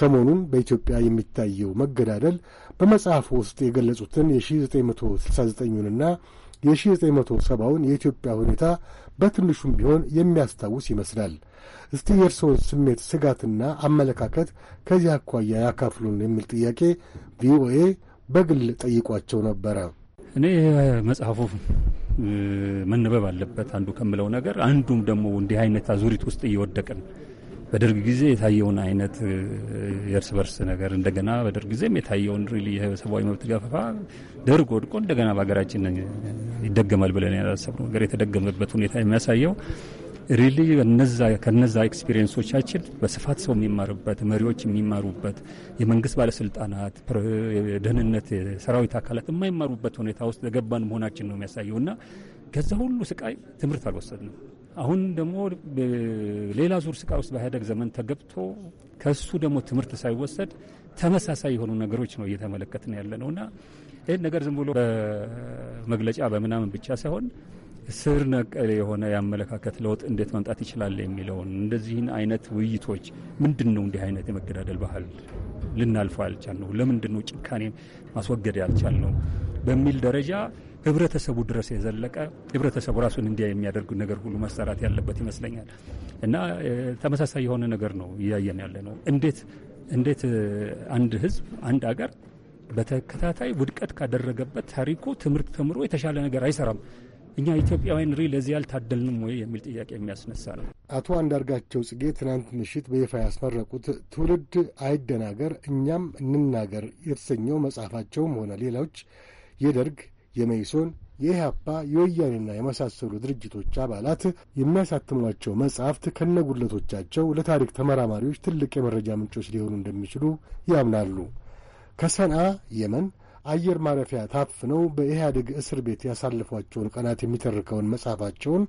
ሰሞኑን በኢትዮጵያ የሚታየው መገዳደል በመጽሐፉ ውስጥ የገለጹትን የ1969ና የ1970ውን የኢትዮጵያ ሁኔታ በትንሹም ቢሆን የሚያስታውስ ይመስላል። እስቲ የእርስዎን ስሜት፣ ስጋትና አመለካከት ከዚህ አኳያ ያካፍሉን የሚል ጥያቄ ቪኦኤ በግል ጠይቋቸው ነበረ። እኔ መጽሐፉ መነበብ አለበት አንዱ ከምለው ነገር አንዱም ደግሞ እንዲህ አይነት አዙሪት ውስጥ እየወደቅን በደርግ ጊዜ የታየውን አይነት የእርስ በርስ ነገር እንደገና በደርግ ጊዜም የታየውን ሪሊ የሰብአዊ መብት ገፈፋ ደርግ ወድቆ እንደገና በሀገራችን ይደገማል ብለን ያላሰብነው ነገር የተደገመበት ሁኔታ የሚያሳየው ሪሊ ከነዛ ኤክስፒሪየንሶቻችን በስፋት ሰው የሚማርበት መሪዎች የሚማሩበት የመንግስት ባለስልጣናት፣ ደህንነት ሰራዊት አካላት የማይማሩበት ሁኔታ ውስጥ የገባን መሆናችን ነው የሚያሳየው እና ከዛ ሁሉ ስቃይ ትምህርት አልወሰድንም። አሁን ደግሞ ሌላ ዙር ስቃ ውስጥ በኢህአደግ ዘመን ተገብቶ ከሱ ደግሞ ትምህርት ሳይወሰድ ተመሳሳይ የሆኑ ነገሮች ነው እየተመለከትን ያለ ነውና ይህን ነገር ዝም ብሎ በመግለጫ በምናምን ብቻ ሳይሆን ስር ነቀል የሆነ የአመለካከት ለውጥ እንዴት መምጣት ይችላል የሚለውን እንደዚህን አይነት ውይይቶች ምንድን ነው እንዲህ አይነት የመገዳደል ባህል ልናልፈው አልቻል ነው ለምንድን ነው ጭካኔ ማስወገድ ያልቻል ነው በሚል ደረጃ ህብረተሰቡ ድረስ የዘለቀ ህብረተሰቡ ራሱን እንዲያ የሚያደርግ ነገር ሁሉ መሰራት ያለበት ይመስለኛል እና ተመሳሳይ የሆነ ነገር ነው እያየን ያለ ነው። እንዴት እንዴት አንድ ህዝብ አንድ አገር በተከታታይ ውድቀት ካደረገበት ታሪኩ ትምህርት ተምሮ የተሻለ ነገር አይሰራም። እኛ ኢትዮጵያውያን ሪ ለዚህ አልታደልንም ወይ የሚል ጥያቄ የሚያስነሳ ነው። አቶ አንዳርጋቸው ጽጌ ትናንት ምሽት በይፋ ያስመረቁት ትውልድ አይደናገር እኛም እንናገር የተሰኘው መጽሐፋቸውም ሆነ ሌሎች የደርግ የመይሶን የኢህአፓ የወያኔና የመሳሰሉ ድርጅቶች አባላት የሚያሳትሟቸው መጽሐፍት ከነጉድለቶቻቸው ለታሪክ ተመራማሪዎች ትልቅ የመረጃ ምንጮች ሊሆኑ እንደሚችሉ ያምናሉ። ከሰንአ የመን አየር ማረፊያ ታፍነው በኢህአዴግ እስር ቤት ያሳለፏቸውን ቀናት የሚተርከውን መጽሐፋቸውን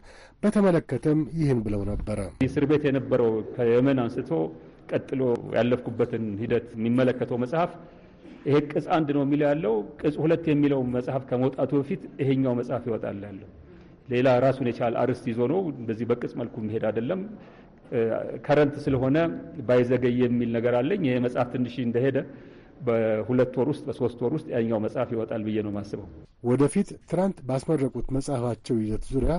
በተመለከተም ይህን ብለው ነበረ። እስር ቤት የነበረው ከየመን አንስቶ ቀጥሎ ያለፍኩበትን ሂደት የሚመለከተው መጽሐፍ ይሄ ቅጽ አንድ ነው የሚለው ያለው ቅጽ ሁለት የሚለው መጽሐፍ ከመውጣቱ በፊት ይሄኛው መጽሐፍ ይወጣል ያለው ሌላ ራሱን የቻለ አርስት ይዞ ነው። በዚህ በቅጽ መልኩ መሄድ አይደለም። ከረንት ስለሆነ ባይዘገይ የሚል ነገር አለኝ። ይሄ መጽሐፍ ትንሽ እንደሄደ በሁለት ወር ውስጥ በሶስት ወር ውስጥ ያኛው መጽሐፍ ይወጣል ብዬ ነው የማስበው። ወደፊት ትናንት ባስመረቁት መጽሐፋቸው ይዘት ዙሪያ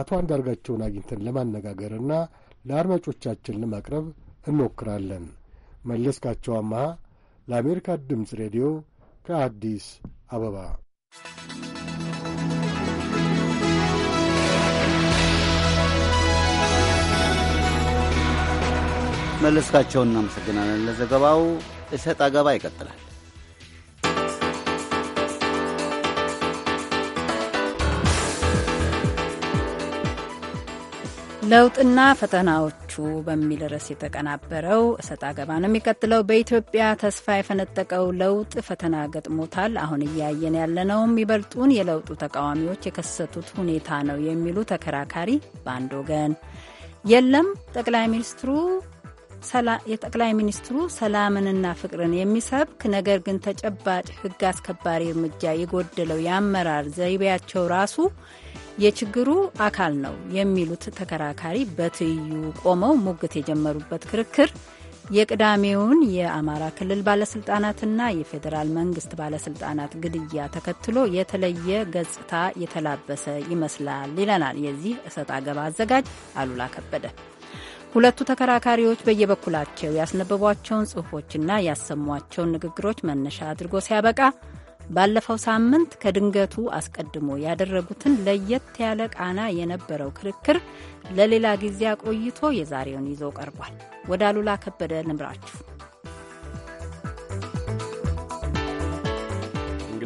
አቶ አንዳርጋቸውን አግኝተን ለማነጋገር እና ለአድማጮቻችን ለማቅረብ እንሞክራለን። መለስካቸው አመሃ ለአሜሪካ ድምፅ ሬዲዮ ከአዲስ አበባ። መለስካቸውን እናመሰግናለን ለዘገባው። እሰጥ አገባ ይቀጥላል። ለውጥና ፈተናዎቹ በሚል ርዕስ የተቀናበረው እሰጥ አገባ ነው የሚቀጥለው። በኢትዮጵያ ተስፋ የፈነጠቀው ለውጥ ፈተና ገጥሞታል። አሁን እያየን ያለነውም ይበልጡን የለውጡ ተቃዋሚዎች የከሰቱት ሁኔታ ነው የሚሉ ተከራካሪ በአንድ ወገን፣ የለም ጠቅላይ ሚኒስትሩ የጠቅላይ ሚኒስትሩ ሰላምንና ፍቅርን የሚሰብክ ነገር ግን ተጨባጭ ሕግ አስከባሪ እርምጃ የጎደለው የአመራር ዘይቤያቸው ራሱ የችግሩ አካል ነው የሚሉት ተከራካሪ በትይዩ ቆመው ሙግት የጀመሩበት ክርክር የቅዳሜውን የአማራ ክልል ባለስልጣናትና የፌዴራል መንግስት ባለስልጣናት ግድያ ተከትሎ የተለየ ገጽታ የተላበሰ ይመስላል ይለናል የዚህ እሰጥ አገባ አዘጋጅ አሉላ ከበደ። ሁለቱ ተከራካሪዎች በየበኩላቸው ያስነበቧቸውን ጽሁፎችና ያሰሟቸውን ንግግሮች መነሻ አድርጎ ሲያበቃ ባለፈው ሳምንት ከድንገቱ አስቀድሞ ያደረጉትን ለየት ያለ ቃና የነበረው ክርክር ለሌላ ጊዜ አቆይቶ የዛሬውን ይዞ ቀርቧል። ወደ አሉላ ከበደ ንብራችሁ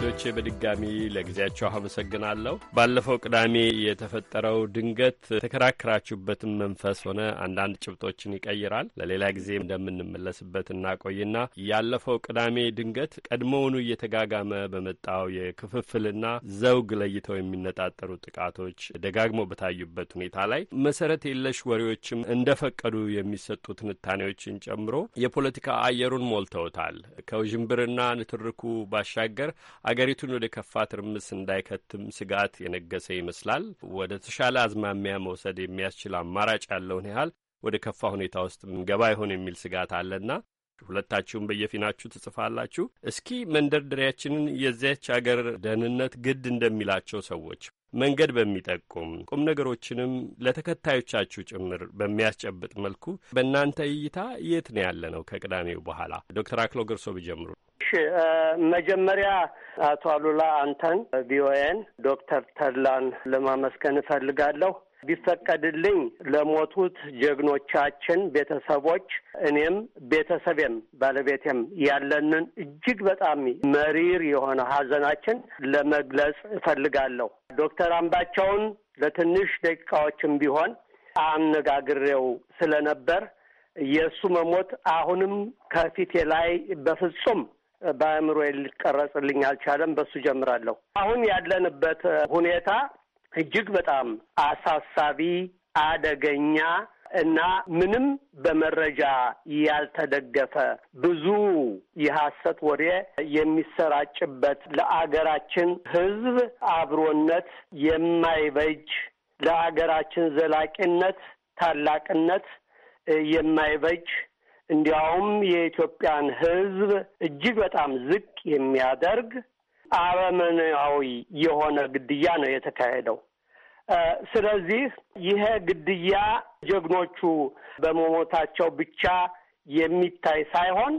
እንግዶቼ በድጋሚ ለጊዜያቸው አመሰግናለሁ። ባለፈው ቅዳሜ የተፈጠረው ድንገት የተከራከራችሁበትን መንፈስ ሆነ አንዳንድ ጭብጦችን ይቀይራል። ለሌላ ጊዜ እንደምንመለስበት እናቆይና ያለፈው ቅዳሜ ድንገት ቀድሞውኑ እየተጋጋመ በመጣው የክፍፍልና ዘውግ ለይተው የሚነጣጠሩ ጥቃቶች ደጋግሞ በታዩበት ሁኔታ ላይ መሰረት የለሽ ወሬዎችም እንደፈቀዱ የሚሰጡ ትንታኔዎችን ጨምሮ የፖለቲካ አየሩን ሞልተውታል። ከውዥንብርና ንትርኩ ባሻገር አገሪቱን ወደ ከፋ ትርምስ እንዳይከትም ስጋት የነገሰ ይመስላል። ወደ ተሻለ አዝማሚያ መውሰድ የሚያስችል አማራጭ ያለውን ያህል ወደ ከፋ ሁኔታ ውስጥ ምንገባ ይሆን የሚል ስጋት አለና ሁለታችሁም በየፊናችሁ ትጽፋላችሁ። እስኪ መንደርደሪያችንን የዚያች አገር ደህንነት ግድ እንደሚላቸው ሰዎች መንገድ በሚጠቁም ቁም ነገሮችንም ለተከታዮቻችሁ ጭምር በሚያስጨብጥ መልኩ በእናንተ እይታ የት ነው ያለ ነው? ከቅዳሜው በኋላ ዶክተር አክሎግ እርሶ ቢጀምሩ። እሺ፣ መጀመሪያ አቶ አሉላ አንተን፣ ቪኦኤን፣ ዶክተር ተድላን ለማመስገን እፈልጋለሁ። ቢፈቀድልኝ ለሞቱት ጀግኖቻችን ቤተሰቦች እኔም ቤተሰቤም ባለቤቴም ያለንን እጅግ በጣም መሪር የሆነ ሀዘናችን ለመግለጽ እፈልጋለሁ። ዶክተር አምባቸውን ለትንሽ ደቂቃዎችም ቢሆን አነጋግሬው ስለነበር የእሱ መሞት አሁንም ከፊቴ ላይ በፍጹም በአእምሮ ሊቀረጽልኝ አልቻለም። በሱ ጀምራለሁ። አሁን ያለንበት ሁኔታ እጅግ በጣም አሳሳቢ፣ አደገኛ እና ምንም በመረጃ ያልተደገፈ ብዙ የሐሰት ወሬ የሚሰራጭበት ለአገራችን ሕዝብ አብሮነት የማይበጅ ለአገራችን ዘላቂነት ታላቅነት የማይበጅ እንዲያውም የኢትዮጵያን ሕዝብ እጅግ በጣም ዝቅ የሚያደርግ አረመናዊ የሆነ ግድያ ነው የተካሄደው። ስለዚህ ይሄ ግድያ ጀግኖቹ በመሞታቸው ብቻ የሚታይ ሳይሆን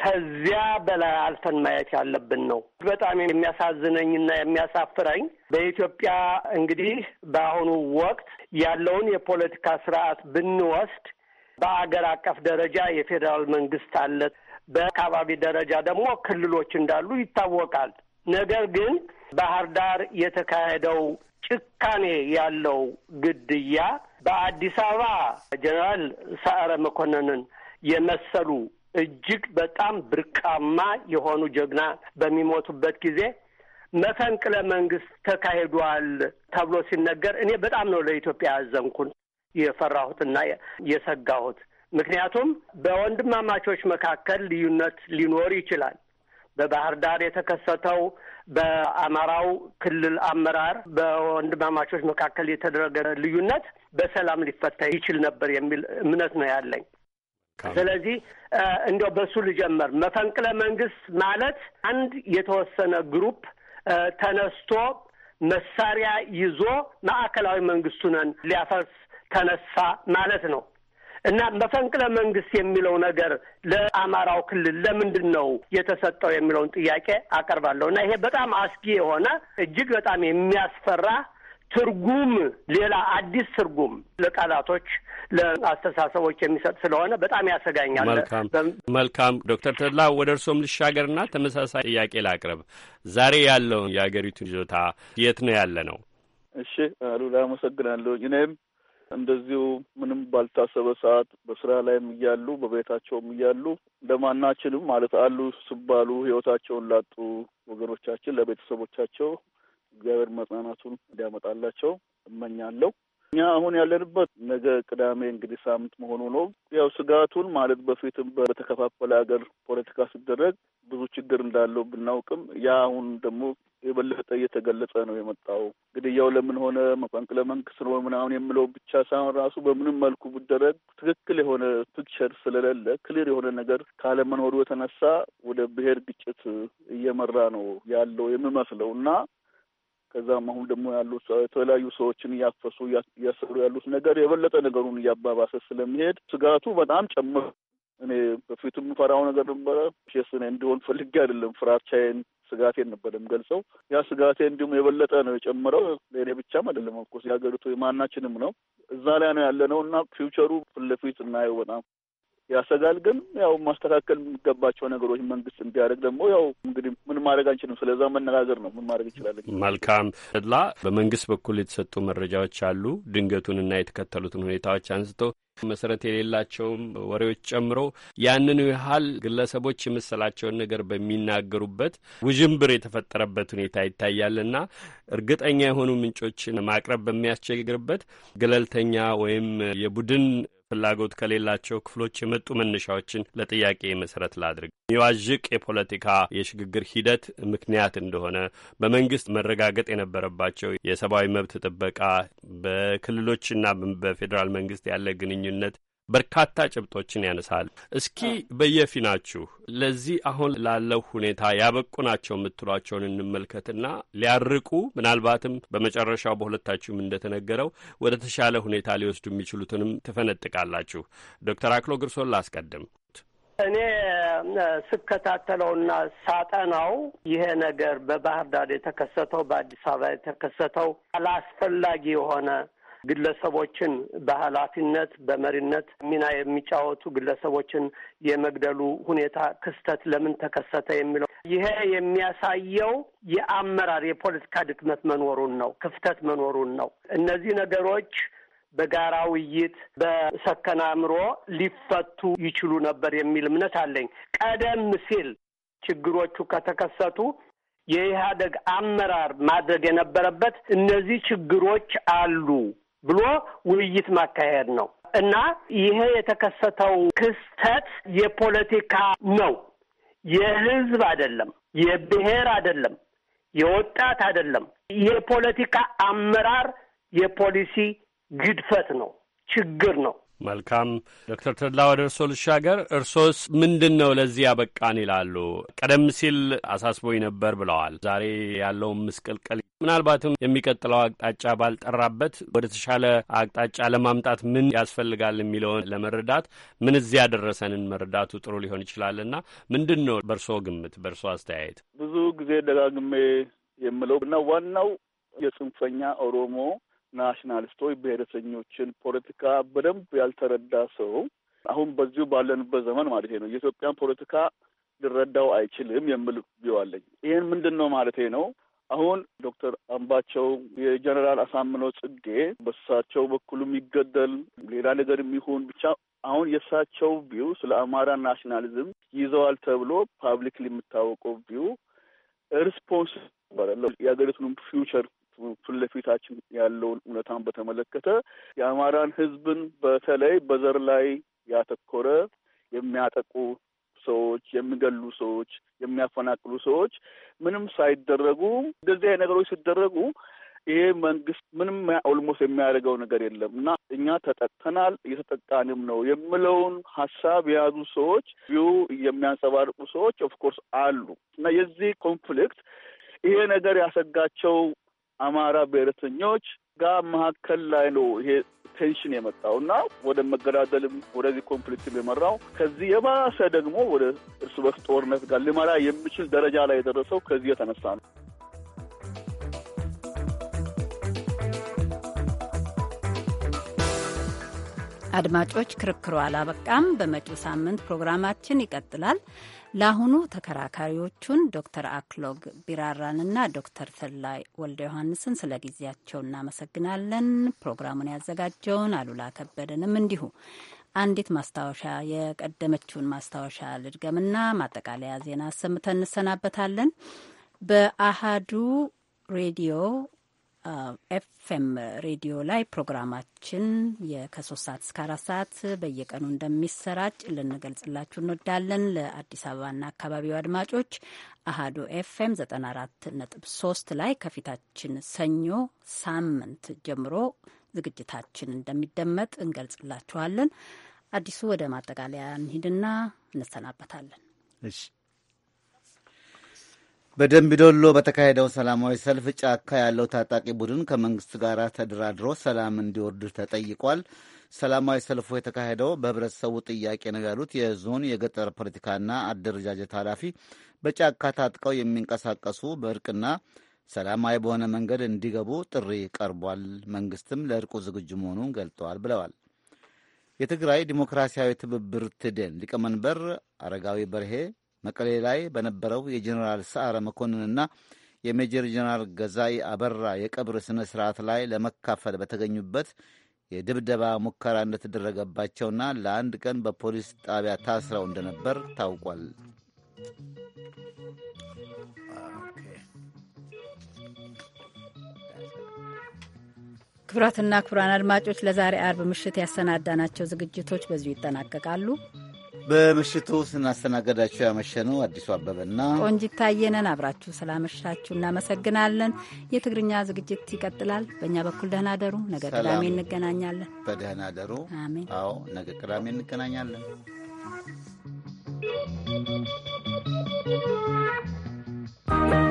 ከዚያ በላይ አልፈን ማየት ያለብን ነው። በጣም የሚያሳዝነኝና የሚያሳፍረኝ በኢትዮጵያ እንግዲህ በአሁኑ ወቅት ያለውን የፖለቲካ ስርዓት ብንወስድ በአገር አቀፍ ደረጃ የፌዴራል መንግስት አለ። በአካባቢ ደረጃ ደግሞ ክልሎች እንዳሉ ይታወቃል። ነገር ግን ባህር ዳር የተካሄደው ጭካኔ ያለው ግድያ በአዲስ አበባ ጀኔራል ሰዓረ መኮንንን የመሰሉ እጅግ በጣም ብርቃማ የሆኑ ጀግና በሚሞቱበት ጊዜ መፈንቅለ መንግስት ተካሂዷል ተብሎ ሲነገር እኔ በጣም ነው ለኢትዮጵያ ያዘንኩን የፈራሁትና የሰጋሁት። ምክንያቱም በወንድማማቾች መካከል ልዩነት ሊኖር ይችላል። በባህር ዳር የተከሰተው በአማራው ክልል አመራር በወንድማማቾች መካከል የተደረገ ልዩነት በሰላም ሊፈታ ይችል ነበር የሚል እምነት ነው ያለኝ። ስለዚህ እንዲያው በሱ ልጀመር። መፈንቅለ መንግስት ማለት አንድ የተወሰነ ግሩፕ ተነስቶ መሳሪያ ይዞ ማዕከላዊ መንግስቱን ሊያፈርስ ተነሳ ማለት ነው። እና መፈንቅለ መንግስት የሚለው ነገር ለአማራው ክልል ለምንድን ነው የተሰጠው የሚለውን ጥያቄ አቀርባለሁ እና ይሄ በጣም አስጊ የሆነ እጅግ በጣም የሚያስፈራ ትርጉም ሌላ አዲስ ትርጉም ለቃላቶች ለአስተሳሰቦች የሚሰጥ ስለሆነ በጣም ያሰጋኛል። መልካም ዶክተር ተድላ ወደ እርሶም ልሻገርና ተመሳሳይ ጥያቄ ላቅርብ። ዛሬ ያለውን የአገሪቱን ይዞታ የት ነው ያለ ነው? እሺ አሉላ አመሰግናለሁ። እኔም እንደዚሁ ምንም ባልታሰበ ሰዓት በስራ ላይም እያሉ በቤታቸውም እያሉ እንደማናችንም ማለት አሉ ሲባሉ ህይወታቸውን ላጡ ወገኖቻችን ለቤተሰቦቻቸው እግዚአብሔር መጽናናቱን እንዲያመጣላቸው እመኛለሁ። እኛ አሁን ያለንበት ነገ ቅዳሜ እንግዲህ ሳምንት መሆኑ ነው። ያው ስጋቱን ማለት በፊትም በተከፋፈለ ሀገር ፖለቲካ ሲደረግ ብዙ ችግር እንዳለው ብናውቅም ያ አሁን ደግሞ የበለጠ እየተገለጸ ነው የመጣው። ያው ለምን ሆነ መፈንቅለ መንግስት ነው ምናምን የምለው ብቻ ሳይሆን ራሱ በምንም መልኩ ብደረግ ትክክል የሆነ ፒክቸር ስለሌለ ክሊር የሆነ ነገር ካለመኖሩ የተነሳ ወደ ብሔር ግጭት እየመራ ነው ያለው የምመስለው እና ከዛም አሁን ደግሞ ያሉት የተለያዩ ሰዎችን እያፈሱ እያሰሩ ያሉት ነገር የበለጠ ነገሩን እያባባሰ ስለሚሄድ ስጋቱ በጣም ጨምሮ እኔ በፊትም የምፈራው ነገር ነበረ። ሼስ እንዲሆን ፈልጌ አይደለም ፍራቻዬን ስጋቴን ነበር ገልጸው። ያ ስጋቴ እንዲሁም የበለጠ ነው የጨምረው። ለእኔ ብቻም አይደለም፣ ኦፍኮርስ የሀገሪቱ የማናችንም ነው። እዛ ላይ ነው ያለነው እና ፊውቸሩ ፊት ለፊት እናየው በጣም ያሰጋል። ግን ያው ማስተካከል የሚገባቸው ነገሮች መንግስት እንዲያደርግ ደግሞ ያው እንግዲህ ምን ማድረግ አንችልም። ስለዛ መነጋገር ነው። ምን ማድረግ እንችላለን? መልካም ድላ በመንግስት በኩል የተሰጡ መረጃዎች አሉ። ድንገቱንና የተከተሉትን ሁኔታዎች አንስቶ መሰረት የሌላቸውም ወሬዎች ጨምሮ ያንኑ ያህል ግለሰቦች የመሰላቸውን ነገር በሚናገሩበት ውዥንብር የተፈጠረበት ሁኔታ ይታያልና እርግጠኛ የሆኑ ምንጮችን ማቅረብ በሚያስቸግርበት ገለልተኛ ወይም የቡድን ፍላጎት ከሌላቸው ክፍሎች የመጡ መነሻዎችን ለጥያቄ መሰረት ላድርግ። የዋዥቅ የፖለቲካ የሽግግር ሂደት ምክንያት እንደሆነ በመንግስት መረጋገጥ የነበረባቸው የሰብአዊ መብት ጥበቃ፣ በክልሎችና በፌዴራል መንግስት ያለ ግንኙነት በርካታ ጭብጦችን ያነሳል። እስኪ በየፊናችሁ ለዚህ አሁን ላለው ሁኔታ ያበቁ ናቸው የምትሏቸውን እንመልከትና ሊያርቁ ምናልባትም በመጨረሻው በሁለታችሁም እንደተነገረው ወደ ተሻለ ሁኔታ ሊወስዱ የሚችሉትንም ትፈነጥቃላችሁ። ዶክተር አክሎ ግርሶን ላስቀድም። እኔ ስከታተለውና ሳጠናው ይሄ ነገር በባህር ዳር የተከሰተው በአዲስ አበባ የተከሰተው አላስፈላጊ የሆነ ግለሰቦችን በኃላፊነት በመሪነት ሚና የሚጫወቱ ግለሰቦችን የመግደሉ ሁኔታ ክስተት ለምን ተከሰተ የሚለው ይሄ የሚያሳየው የአመራር የፖለቲካ ድክመት መኖሩን ነው፣ ክፍተት መኖሩን ነው። እነዚህ ነገሮች በጋራ ውይይት በሰከነ አእምሮ ሊፈቱ ይችሉ ነበር የሚል እምነት አለኝ። ቀደም ሲል ችግሮቹ ከተከሰቱ የኢህአደግ አመራር ማድረግ የነበረበት እነዚህ ችግሮች አሉ ብሎ ውይይት ማካሄድ ነው እና ይሄ የተከሰተው ክስተት የፖለቲካ ነው፣ የህዝብ አይደለም፣ የብሔር አይደለም፣ የወጣት አይደለም። የፖለቲካ አመራር የፖሊሲ ግድፈት ነው፣ ችግር ነው። መልካም ዶክተር ተድላ ወደ እርሶ ልሻገር። እርሶስ ምንድን ነው ለዚህ ያበቃን ይላሉ? ቀደም ሲል አሳስቦኝ ነበር ብለዋል። ዛሬ ያለውን ምስቅልቅል ምናልባትም የሚቀጥለው አቅጣጫ ባልጠራበት ወደ ተሻለ አቅጣጫ ለማምጣት ምን ያስፈልጋል የሚለውን ለመረዳት ምን እዚህ ያደረሰንን መረዳቱ ጥሩ ሊሆን ይችላልና ምንድን ነው በእርሶ ግምት፣ በእርሶ አስተያየት? ብዙ ጊዜ ደጋግሜ የምለው እና ዋናው የጽንፈኛ ኦሮሞ ናሽናሊስቶች ብሔረሰኞችን ፖለቲካ በደንብ ያልተረዳ ሰው አሁን በዚሁ ባለንበት ዘመን ማለት ነው የኢትዮጵያን ፖለቲካ ሊረዳው አይችልም የሚል ቢዋለኝ ይህን ምንድን ነው ማለት ነው። አሁን ዶክተር አምባቸው የጀኔራል አሳምነው ጽጌ በሳቸው በኩል የሚገደል ሌላ ነገር የሚሆን ብቻ አሁን የእሳቸው ቪው ስለ አማራ ናሽናሊዝም ይዘዋል ተብሎ ፓብሊክ የሚታወቀው ቪው ሪስፖንስ ባላለው የሀገሪቱንም ፊውቸር ፊት ለፊታችን ያለውን እውነታን በተመለከተ የአማራን ህዝብን በተለይ በዘር ላይ ያተኮረ የሚያጠቁ ሰዎች፣ የሚገሉ ሰዎች፣ የሚያፈናቅሉ ሰዎች ምንም ሳይደረጉ እንደዚህ አይነት ነገሮች ሲደረጉ ይሄ መንግስት ምንም ኦልሞስት የሚያደርገው ነገር የለም እና እኛ ተጠቅተናል እየተጠቃንም ነው የሚለውን ሀሳብ የያዙ ሰዎች ዩ የሚያንጸባርቁ ሰዎች ኦፍኮርስ አሉ እና የዚህ ኮንፍሊክት ይሄ ነገር ያሰጋቸው አማራ ብሔረተኞች ጋር መካከል ላይ ነው ይሄ ቴንሽን የመጣው እና ወደ መገዳደልም ወደዚህ ኮንፍሊክትም የመራው ከዚህ የባሰ ደግሞ ወደ እርስ በርስ ጦርነት ጋር ሊመራ የሚችል ደረጃ ላይ የደረሰው ከዚህ የተነሳ ነው። አድማጮች፣ ክርክሩ አላበቃም። በመጪው ሳምንት ፕሮግራማችን ይቀጥላል። ለአሁኑ ተከራካሪዎቹን ዶክተር አክሎግ ቢራራንና ዶክተር ተላይ ወልደ ዮሐንስን ስለ ጊዜያቸው እናመሰግናለን። ፕሮግራሙን ያዘጋጀውን አሉላ ከበደንም እንዲሁ። አንዲት ማስታወሻ የቀደመችውን ማስታወሻ ልድገምና ማጠቃለያ ዜና አሰምተን እንሰናበታለን። በአሃዱ ሬዲዮ ኤፍኤም ሬዲዮ ላይ ፕሮግራማችን ከሶስት ሰዓት እስከ አራት ሰዓት በየቀኑ እንደሚሰራጭ ልንገልጽላችሁ እንወዳለን። ለአዲስ አበባና አካባቢው አድማጮች አሀዱ ኤፍኤም ዘጠና አራት ነጥብ ሶስት ላይ ከፊታችን ሰኞ ሳምንት ጀምሮ ዝግጅታችን እንደሚደመጥ እንገልጽላችኋለን። አዲሱ ወደ ማጠቃለያ እንሂድና እንሰናበታለን። እሺ በደንቢዶሎ በተካሄደው ሰላማዊ ሰልፍ ጫካ ያለው ታጣቂ ቡድን ከመንግስት ጋር ተደራድሮ ሰላም እንዲወርድ ተጠይቋል። ሰላማዊ ሰልፉ የተካሄደው በህብረተሰቡ ጥያቄ ነው ያሉት የዞን የገጠር ፖለቲካና አደረጃጀት ኃላፊ በጫካ ታጥቀው የሚንቀሳቀሱ በእርቅና ሰላማዊ በሆነ መንገድ እንዲገቡ ጥሪ ቀርቧል። መንግስትም ለእርቁ ዝግጁ መሆኑን ገልጠዋል ብለዋል። የትግራይ ዲሞክራሲያዊ ትብብር ትደን ሊቀመንበር አረጋዊ በርሄ መቀሌ ላይ በነበረው የጀኔራል ሰዓረ መኮንንና የሜጀር ጀኔራል ገዛኢ አበራ የቀብር ሥነ ሥርዓት ላይ ለመካፈል በተገኙበት የድብደባ ሙከራ እንደተደረገባቸውና ለአንድ ቀን በፖሊስ ጣቢያ ታስረው እንደነበር ታውቋል። ክቡራትና ክቡራን አድማጮች ለዛሬ አርብ ምሽት ያሰናዳናቸው ዝግጅቶች በዚሁ ይጠናቀቃሉ። በምሽቱ ስናስተናገዳችሁ ያመሸነው አዲሱ አበበና ቆንጂት ታየነን አብራችሁ ስላመሻችሁ እናመሰግናለን። የትግርኛ ዝግጅት ይቀጥላል። በእኛ በኩል ደህና ደሩ። ነገ ቅዳሜ እንገናኛለን። በደህና ደሩ። አሜን። አዎ፣ ነገ ቅዳሜ እንገናኛለን። Thank you.